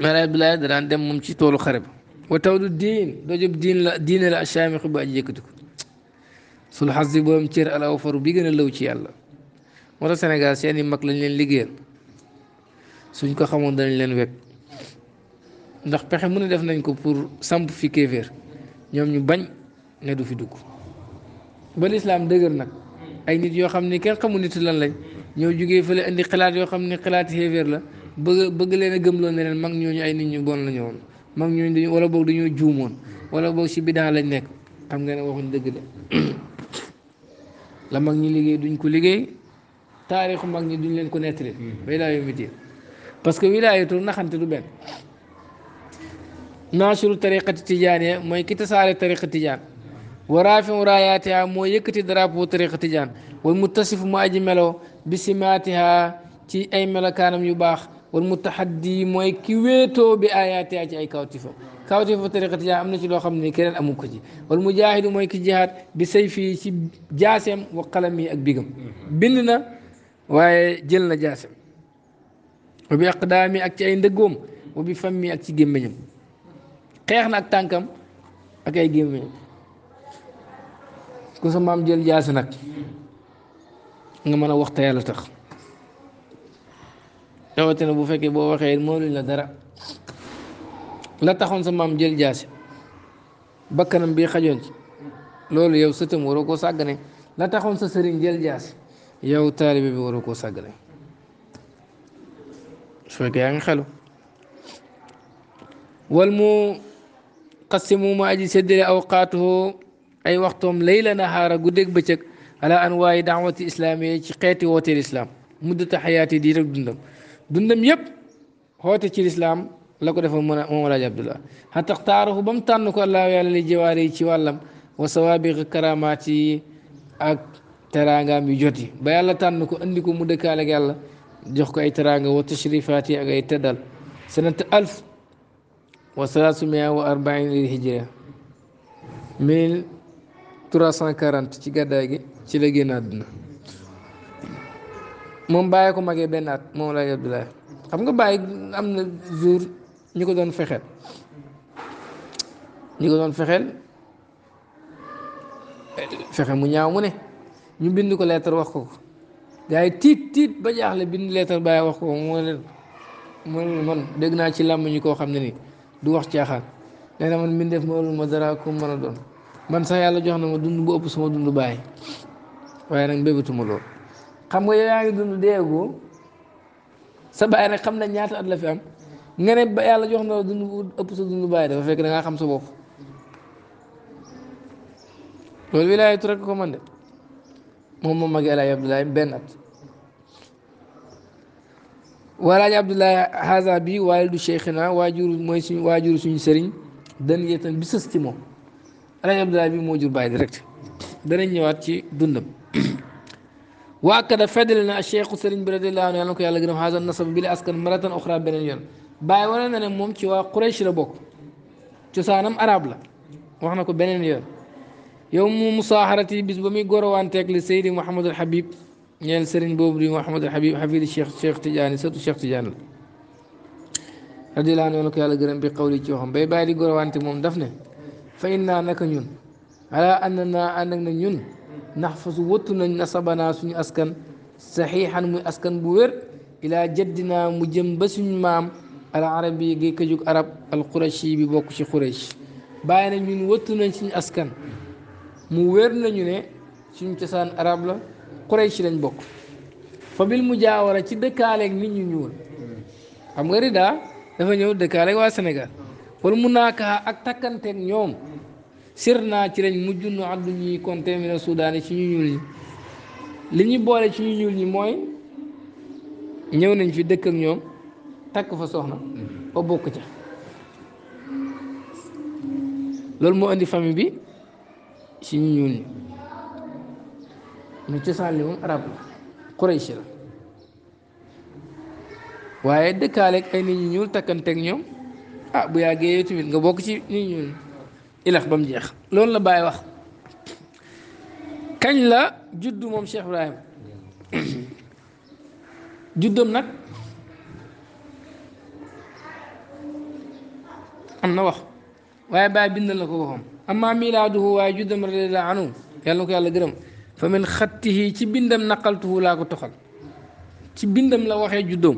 malaay bilaay da daan dem moom ci toolu xare ba wa taw du diin dojub diin la diine la achaami xi ba aji yëkkati ko sul xas di boom cër alaw faru bi gën a law ci yàlla moo tax Sénégal seen i mag lañ leen liggéeyal suñ ko xamoon danañ leen wekk ndax pexe mu ne def nañ ko pour samp fi kéeféer ñoom ñu bañ ne du fi dugg ba dëgër nag ay nit yoo xam ne kenn xamu nit lan lañ ñoo jugee fële indi xalaat yoo xam ne xalaat xéeféer la bëgg bëgg leen gëm gëmloo ne leen mag ñooñu ay nit ñu bon la ñu woon mag ñooñu dañu wala boog dañoo juumoon wala boog si bidaa lañ nekk xam nga ne waxuñ dëgg de la mag ñi liggéey duñ ko liggéey taarixu mag ñi duñ leen ko nettali wilaayu miti parce que wilaayatu naxante du benn naasuru tariqati tijaaniya mooy ki tasaare tariqa tijaan ورافع راياتها مو يكتي درابو طريقة جان والمتصف ما أجي بسماتها تي أي ملكان يباخ والمتحدي مو يكويتو بآياتها تي أي كاوتفو كاوتفو طريقة جان أمنا تلو خمني كرن أموكو جي والمجاهد موي كجهاد بسيفي تي جاسم وقلمي أكبيغم بندنا وجلنا جاسم وبأقدامي أكتي أي ندقوم وبفمي أكتي جيم خيخنا أكتانكم أكي جيم ku sa maam jël jaasi nag nga mën a wax te yàlla tax rawatina bu fekkee boo waxee moo luñ la dara la taxoon sa maam jël jaasi bakkanam bi xajoon ci loolu yow sëtam waroo koo sàggane la taxoon sa sëriñ jël jaasi yow taalibe bi waroo koo sàggane su fekkee yaa ngi xelu wal mu qasimu ma aji séddale awqaatuhu ay waxtoom layla nahaara guddeeg bëccëg ala an waaye daawati islaamiya ci xeeti wooteel islam muddata xayaati di rek dundam dundam yépp xoote ci lislaam la ko defoon mën a moom alaaji abdullah xata xtaarahu ba mu tànn ko allaahu yàlla li jawaari yi ci wàllam wa sawaabiq karamaat yi ak teraangaam yu jot yi ba yàlla tànn ko andi ko mu dëkkaale ak yàlla jox ko ay teraanga wa tashrifaat yi ak ay teddal sanata alf wa salaasumia wa arbain lil hijra mille 340 ci gàddaay gi ci la génn àdduna moom bàyyi ko magee benn at moom laaj Abdoulaye xam nga bàyyi am na jour ñu ko doon fexeel ñu ko doon fexeel fexe mu ñaaw mu ne ñu bind ko leetar wax ko ko gars yi tiit tiit ba jaaxle bind leetar bàyyi wax ko ko moo leen dégg naa ci làmb ñu koo xam ne nii du wax caaxaan nee na man mbindeef ma warul ma dara ku mën a doon man sax yàlla jox na ma dund bu ëpp suma dund bàyyi waaye nag mbébétuma lool xam nga yow yaa ngi dund deegoo sa bàyyi nag xam na ñaata at la fi am nga ne ba yàlla jox na dund bu ëpp sa dund bàyyi dafa fekk dangaa xam sa bopp loolu wilaayatu rek ko man de moom moom magi alaaji abdoulaye benn at walaaji abdoulaye haza bi waalidu cheikhina waajur mooy suñu waajur suñu sëriñ dan bi sës ci moom alaaj Abdoulaye bi moo jur bàyyi direct danañ ñëwaat ci dundam waa kada feddali na cheikhu sëriñ bi radiallahu anhu yàlla na ko yàlla gërëm xaasan nasab bi la askan maratan oxra beneen yoon bàyyi wane na ne moom ci waa Quraysh la bokk cosaanam arab la wax na ko beneen yoon yow mu musaaharati bis ba muy gorowanteeg li Seydi Mouhamadul Habib ñeel sëriñ boobu di Mouhamadul Habib xafidi cheikh cheikh Tidiane surtout cheikh Tidiane la radiallahu anhu yàlla na ko yàlla gërëm bi xawli ci waxam bay bàyyi di gorowante moom daf ne fa naa naka ñun ala ànd naa ànd na ñun ndax fasu wëttu nañ nasabanaa suñu askan saxiixan muy askan bu wér ilaa jaddinaa mu jëm ba suñu maam al arab yi gi arab al qurashi bi bokk ci qurash bàyyi na ñun wëttu nañ suñu askan mu wér nañu ne suñu cosaan arab la qurash lañ bokk fa bil mu jaawara ci dëkkaaleek nit ñu ñuul xam nga rida dafa ñëw dëkkaaleeg waa Sénégal wala mu naakaxa ak takkanteeg ñoom sirna ci lañ mu nu addu ñuy compter mina Soudan ci ñu ñuul ñi li ñuy boole ci ñu ñuul ñi mooy ñëw nañ fi dëkk ak ñoom takk fa soxna mm-hmm. ba bokk ca loolu moo indi famille bi ci ñu ñuul ñi ñu cosaan li arab la Quraysh la waaye dëkkaaleeg ay nit ñu ñuul takkanteeg ñoom ah bu yàggee yow tamit nga bokk ci ñu ñuul ñi ilax bam jeex loolu la bàyyi wax kañ la juddu moom Cheikh ibrahim juddam nag am na wax waaye bàyyi bindal na ko waxam amma miladuhu waaye juddam radiallahu anhu yàlla ko yàlla gërëm fa min xattihi ci bindam naqaltuhu laa ko toxal ci bindam la waxee juddoom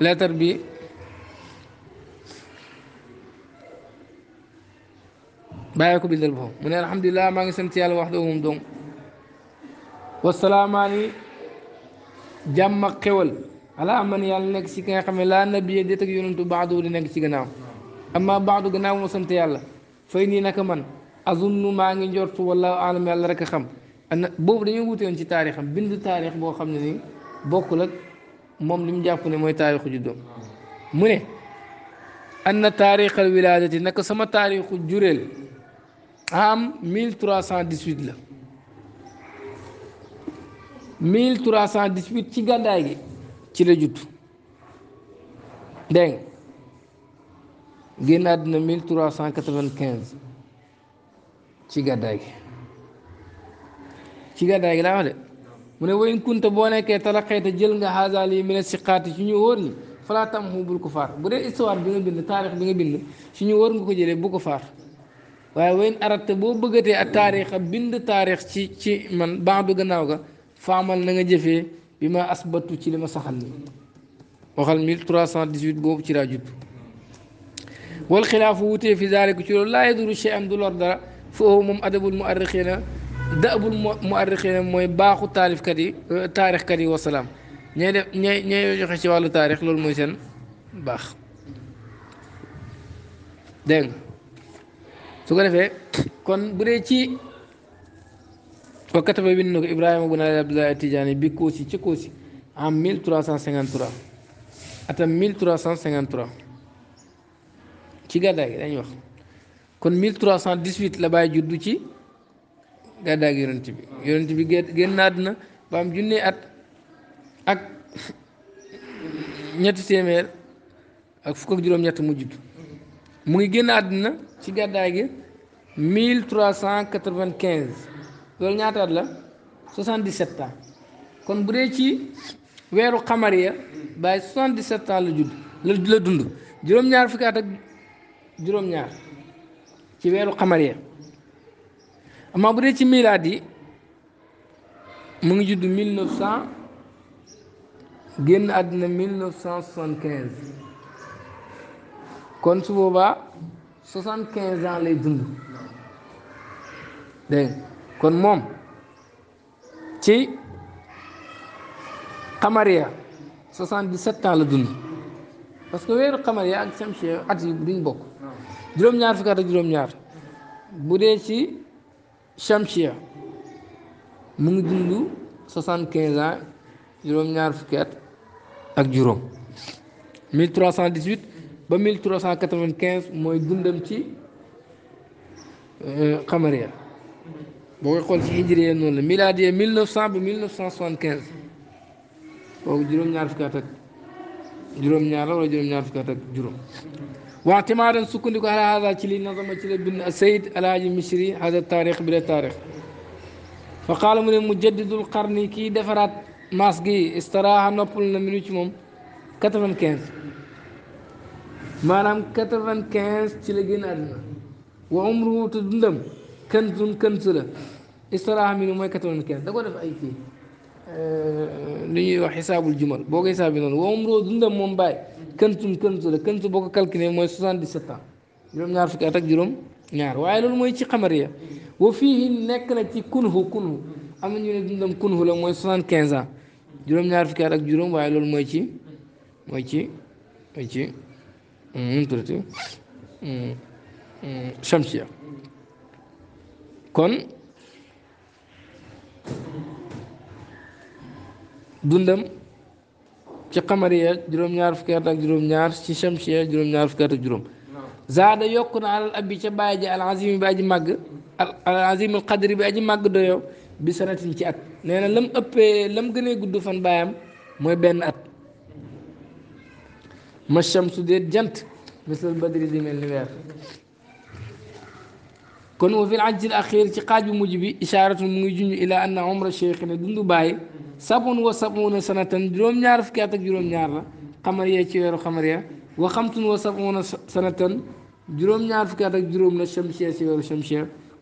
leetar bi بايك بدل بو من الحمد لله ما نسنت يا لوحده دون والسلام علي جم قول على من يال نك سي كان خمي لا نبي دي تك يونت بعد ولي نك سي غناو اما بعد غناو نسنت يالا فيني نك من اظن ما نجي نورت والله اعلم يالا رك خم ان بوب دا نيو ووتيون سي تاريخ بند تاريخ بو خمني ني بوكل موم لم جاب ني موي تاريخ جودو مني ان تاريخ الولاده نك سما تاريخ جوريل am 1318 la 1318 ci gàddaay gi ci la judd dégg nga génn àddina 1395 ci gàddaay gi ci gàddaay gi laa wax de mu ne wayn boo nekkee talaxeeta jël nga xaasaal yi mine si xaati ci ñu wóor ñi falaa tam xu bul ko faar bu dee histoire bi nga bind taarix bi nga bind ci ñu wóor nga ko jëlee bu ko faar waaye wayn aratta boo bëggatee ak taarix a bind taarix ci ci man baax du gannaaw ga faamal na nga jëfee bi ma asbatu ci li ma saxal ni waxal 1318 boobu ci laa judd wal xilaafu wutee fi zaaliku ci loolu laa yaduru shay an du lor dara foofu moom adabul muarrixina dabul muarrixina mooy baaxu taarifkat yi taarixkat yi wasalaam ñay def ñay ñay joxe ci wàllu taarix loolu mooy seen baax dégg nga su ko defee kon bu dee ci wakkata ba bind na ko Ibrahima bun Ali Abdullahi Tijaani bi Koosi ci Koosi en 1353 atam 1353 ci gàddaa gi dañuy wax kon 1318 la ba juddu ci gàddaa gi bi yonent bi génn àdduna ba am junne at ak ñetti téeméer ak fukk ak juróom-ñett mu judd mu ngi génn àdduna. ci gàddaay gi mille trois cent quatre vingt ñaata la soixante dix sept ans kon bu dee ci weeru xamariya bàyyi soixante dix sept ans la judd la dund juróom-ñaar fukki ak juróom-ñaar ci weeru xamariya amaa bu dee ci milaad yi mu ngi judd mille neuf génn àddina mille neuf cent soixante quinze kon su soixante quinze ans lay dund kon moom ci xamariya soixante dix sept ans la dund parce que weeru xamariya ak samsiya at yi duñ bokk juróom-ñaar fukki ak juróom-ñaar bu dee ci samsiya mu ngi dund soixante quinze ans juróom-ñaar fukki ak juróom ba 1395 mooy dundam ci xamariya boo koy xool ci hijriya noonu la milaadiya 1900 ba 1975 boobu juróom-ñaar fukki at ak juróom-ñaar la wala juróom-ñaar fukki at ak juróom waxte maa sukkandiku ala hada ci li nazama ci la bind Alhaji Misri hada taarix bi la taarix fa qaala mu ne qarni kii defaraat maas gi istaraaha noppal na minu ci moom 95 maanaam quatre-vingt-quinze ci la génn àdduna wa umruhu te dundam kanzun kanz la istilaax mi ni mooy quatre vingt da ko def ay kii euh, li ñuy wax xisaabul jumal boo ko xisaabi noonu wa umruhu dundam moom bàyyi kanzun kanz la kanz boo ko calculé mooy soixante-dix-sept ans juróom-ñaar fukki at ak juróom ñaar waaye loolu mooy ci xamariya wa fii nekk na ci kunhu kunhu am na ñu ne dundam mooy soixante-quinze ans juróom-ñaar fukki at ak juróom waaye loolu mooy ci mooy ci mooy ci nu eh, eh, eh, mu kon dundam ci xamariya juróom-ñaar fukki at ak juróom-ñaar ci Shamsiya juróom-ñaar fukki at ak juróom zaada yokk na alal ab bi ca bàyyi ji al azim bi aji màgg al azim al qadri bi aji màgg doyo bi sanatin ci at nee lam ëppee lam gënee gudd fan baayam mooy benn at مشام الشمس جنت مثل بدر دي من الباب كون وفي العجز الاخير تقاد مجبي اشاره من الى ان عمر الشيخ ندندو باي سبون وسبون سنه دروم نيار في كاتك دروم نيار قمر يا تشير قمر يا وخمتون وسبون سنه دروم نيار في دروم لا شمس يا سيور شمس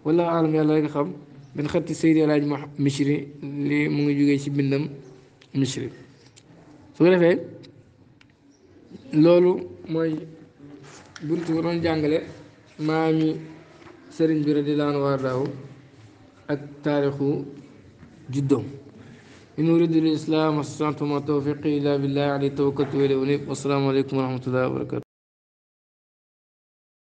ولا عالم يا الله يخم من خط سيدي الاج مشري اللي مو جوجي سي بنم مشري سوغي فين loolu mooy bunt bu doon jàngale maami sëriñ bi radiyallaahu anhu wardaahu ak taarixu juddoom in uridu l islam astatuma tawfiqi illa billahi alayhi i wa ilayhi unib wassalaamu aleykum wa rahmatullahi wa barakatu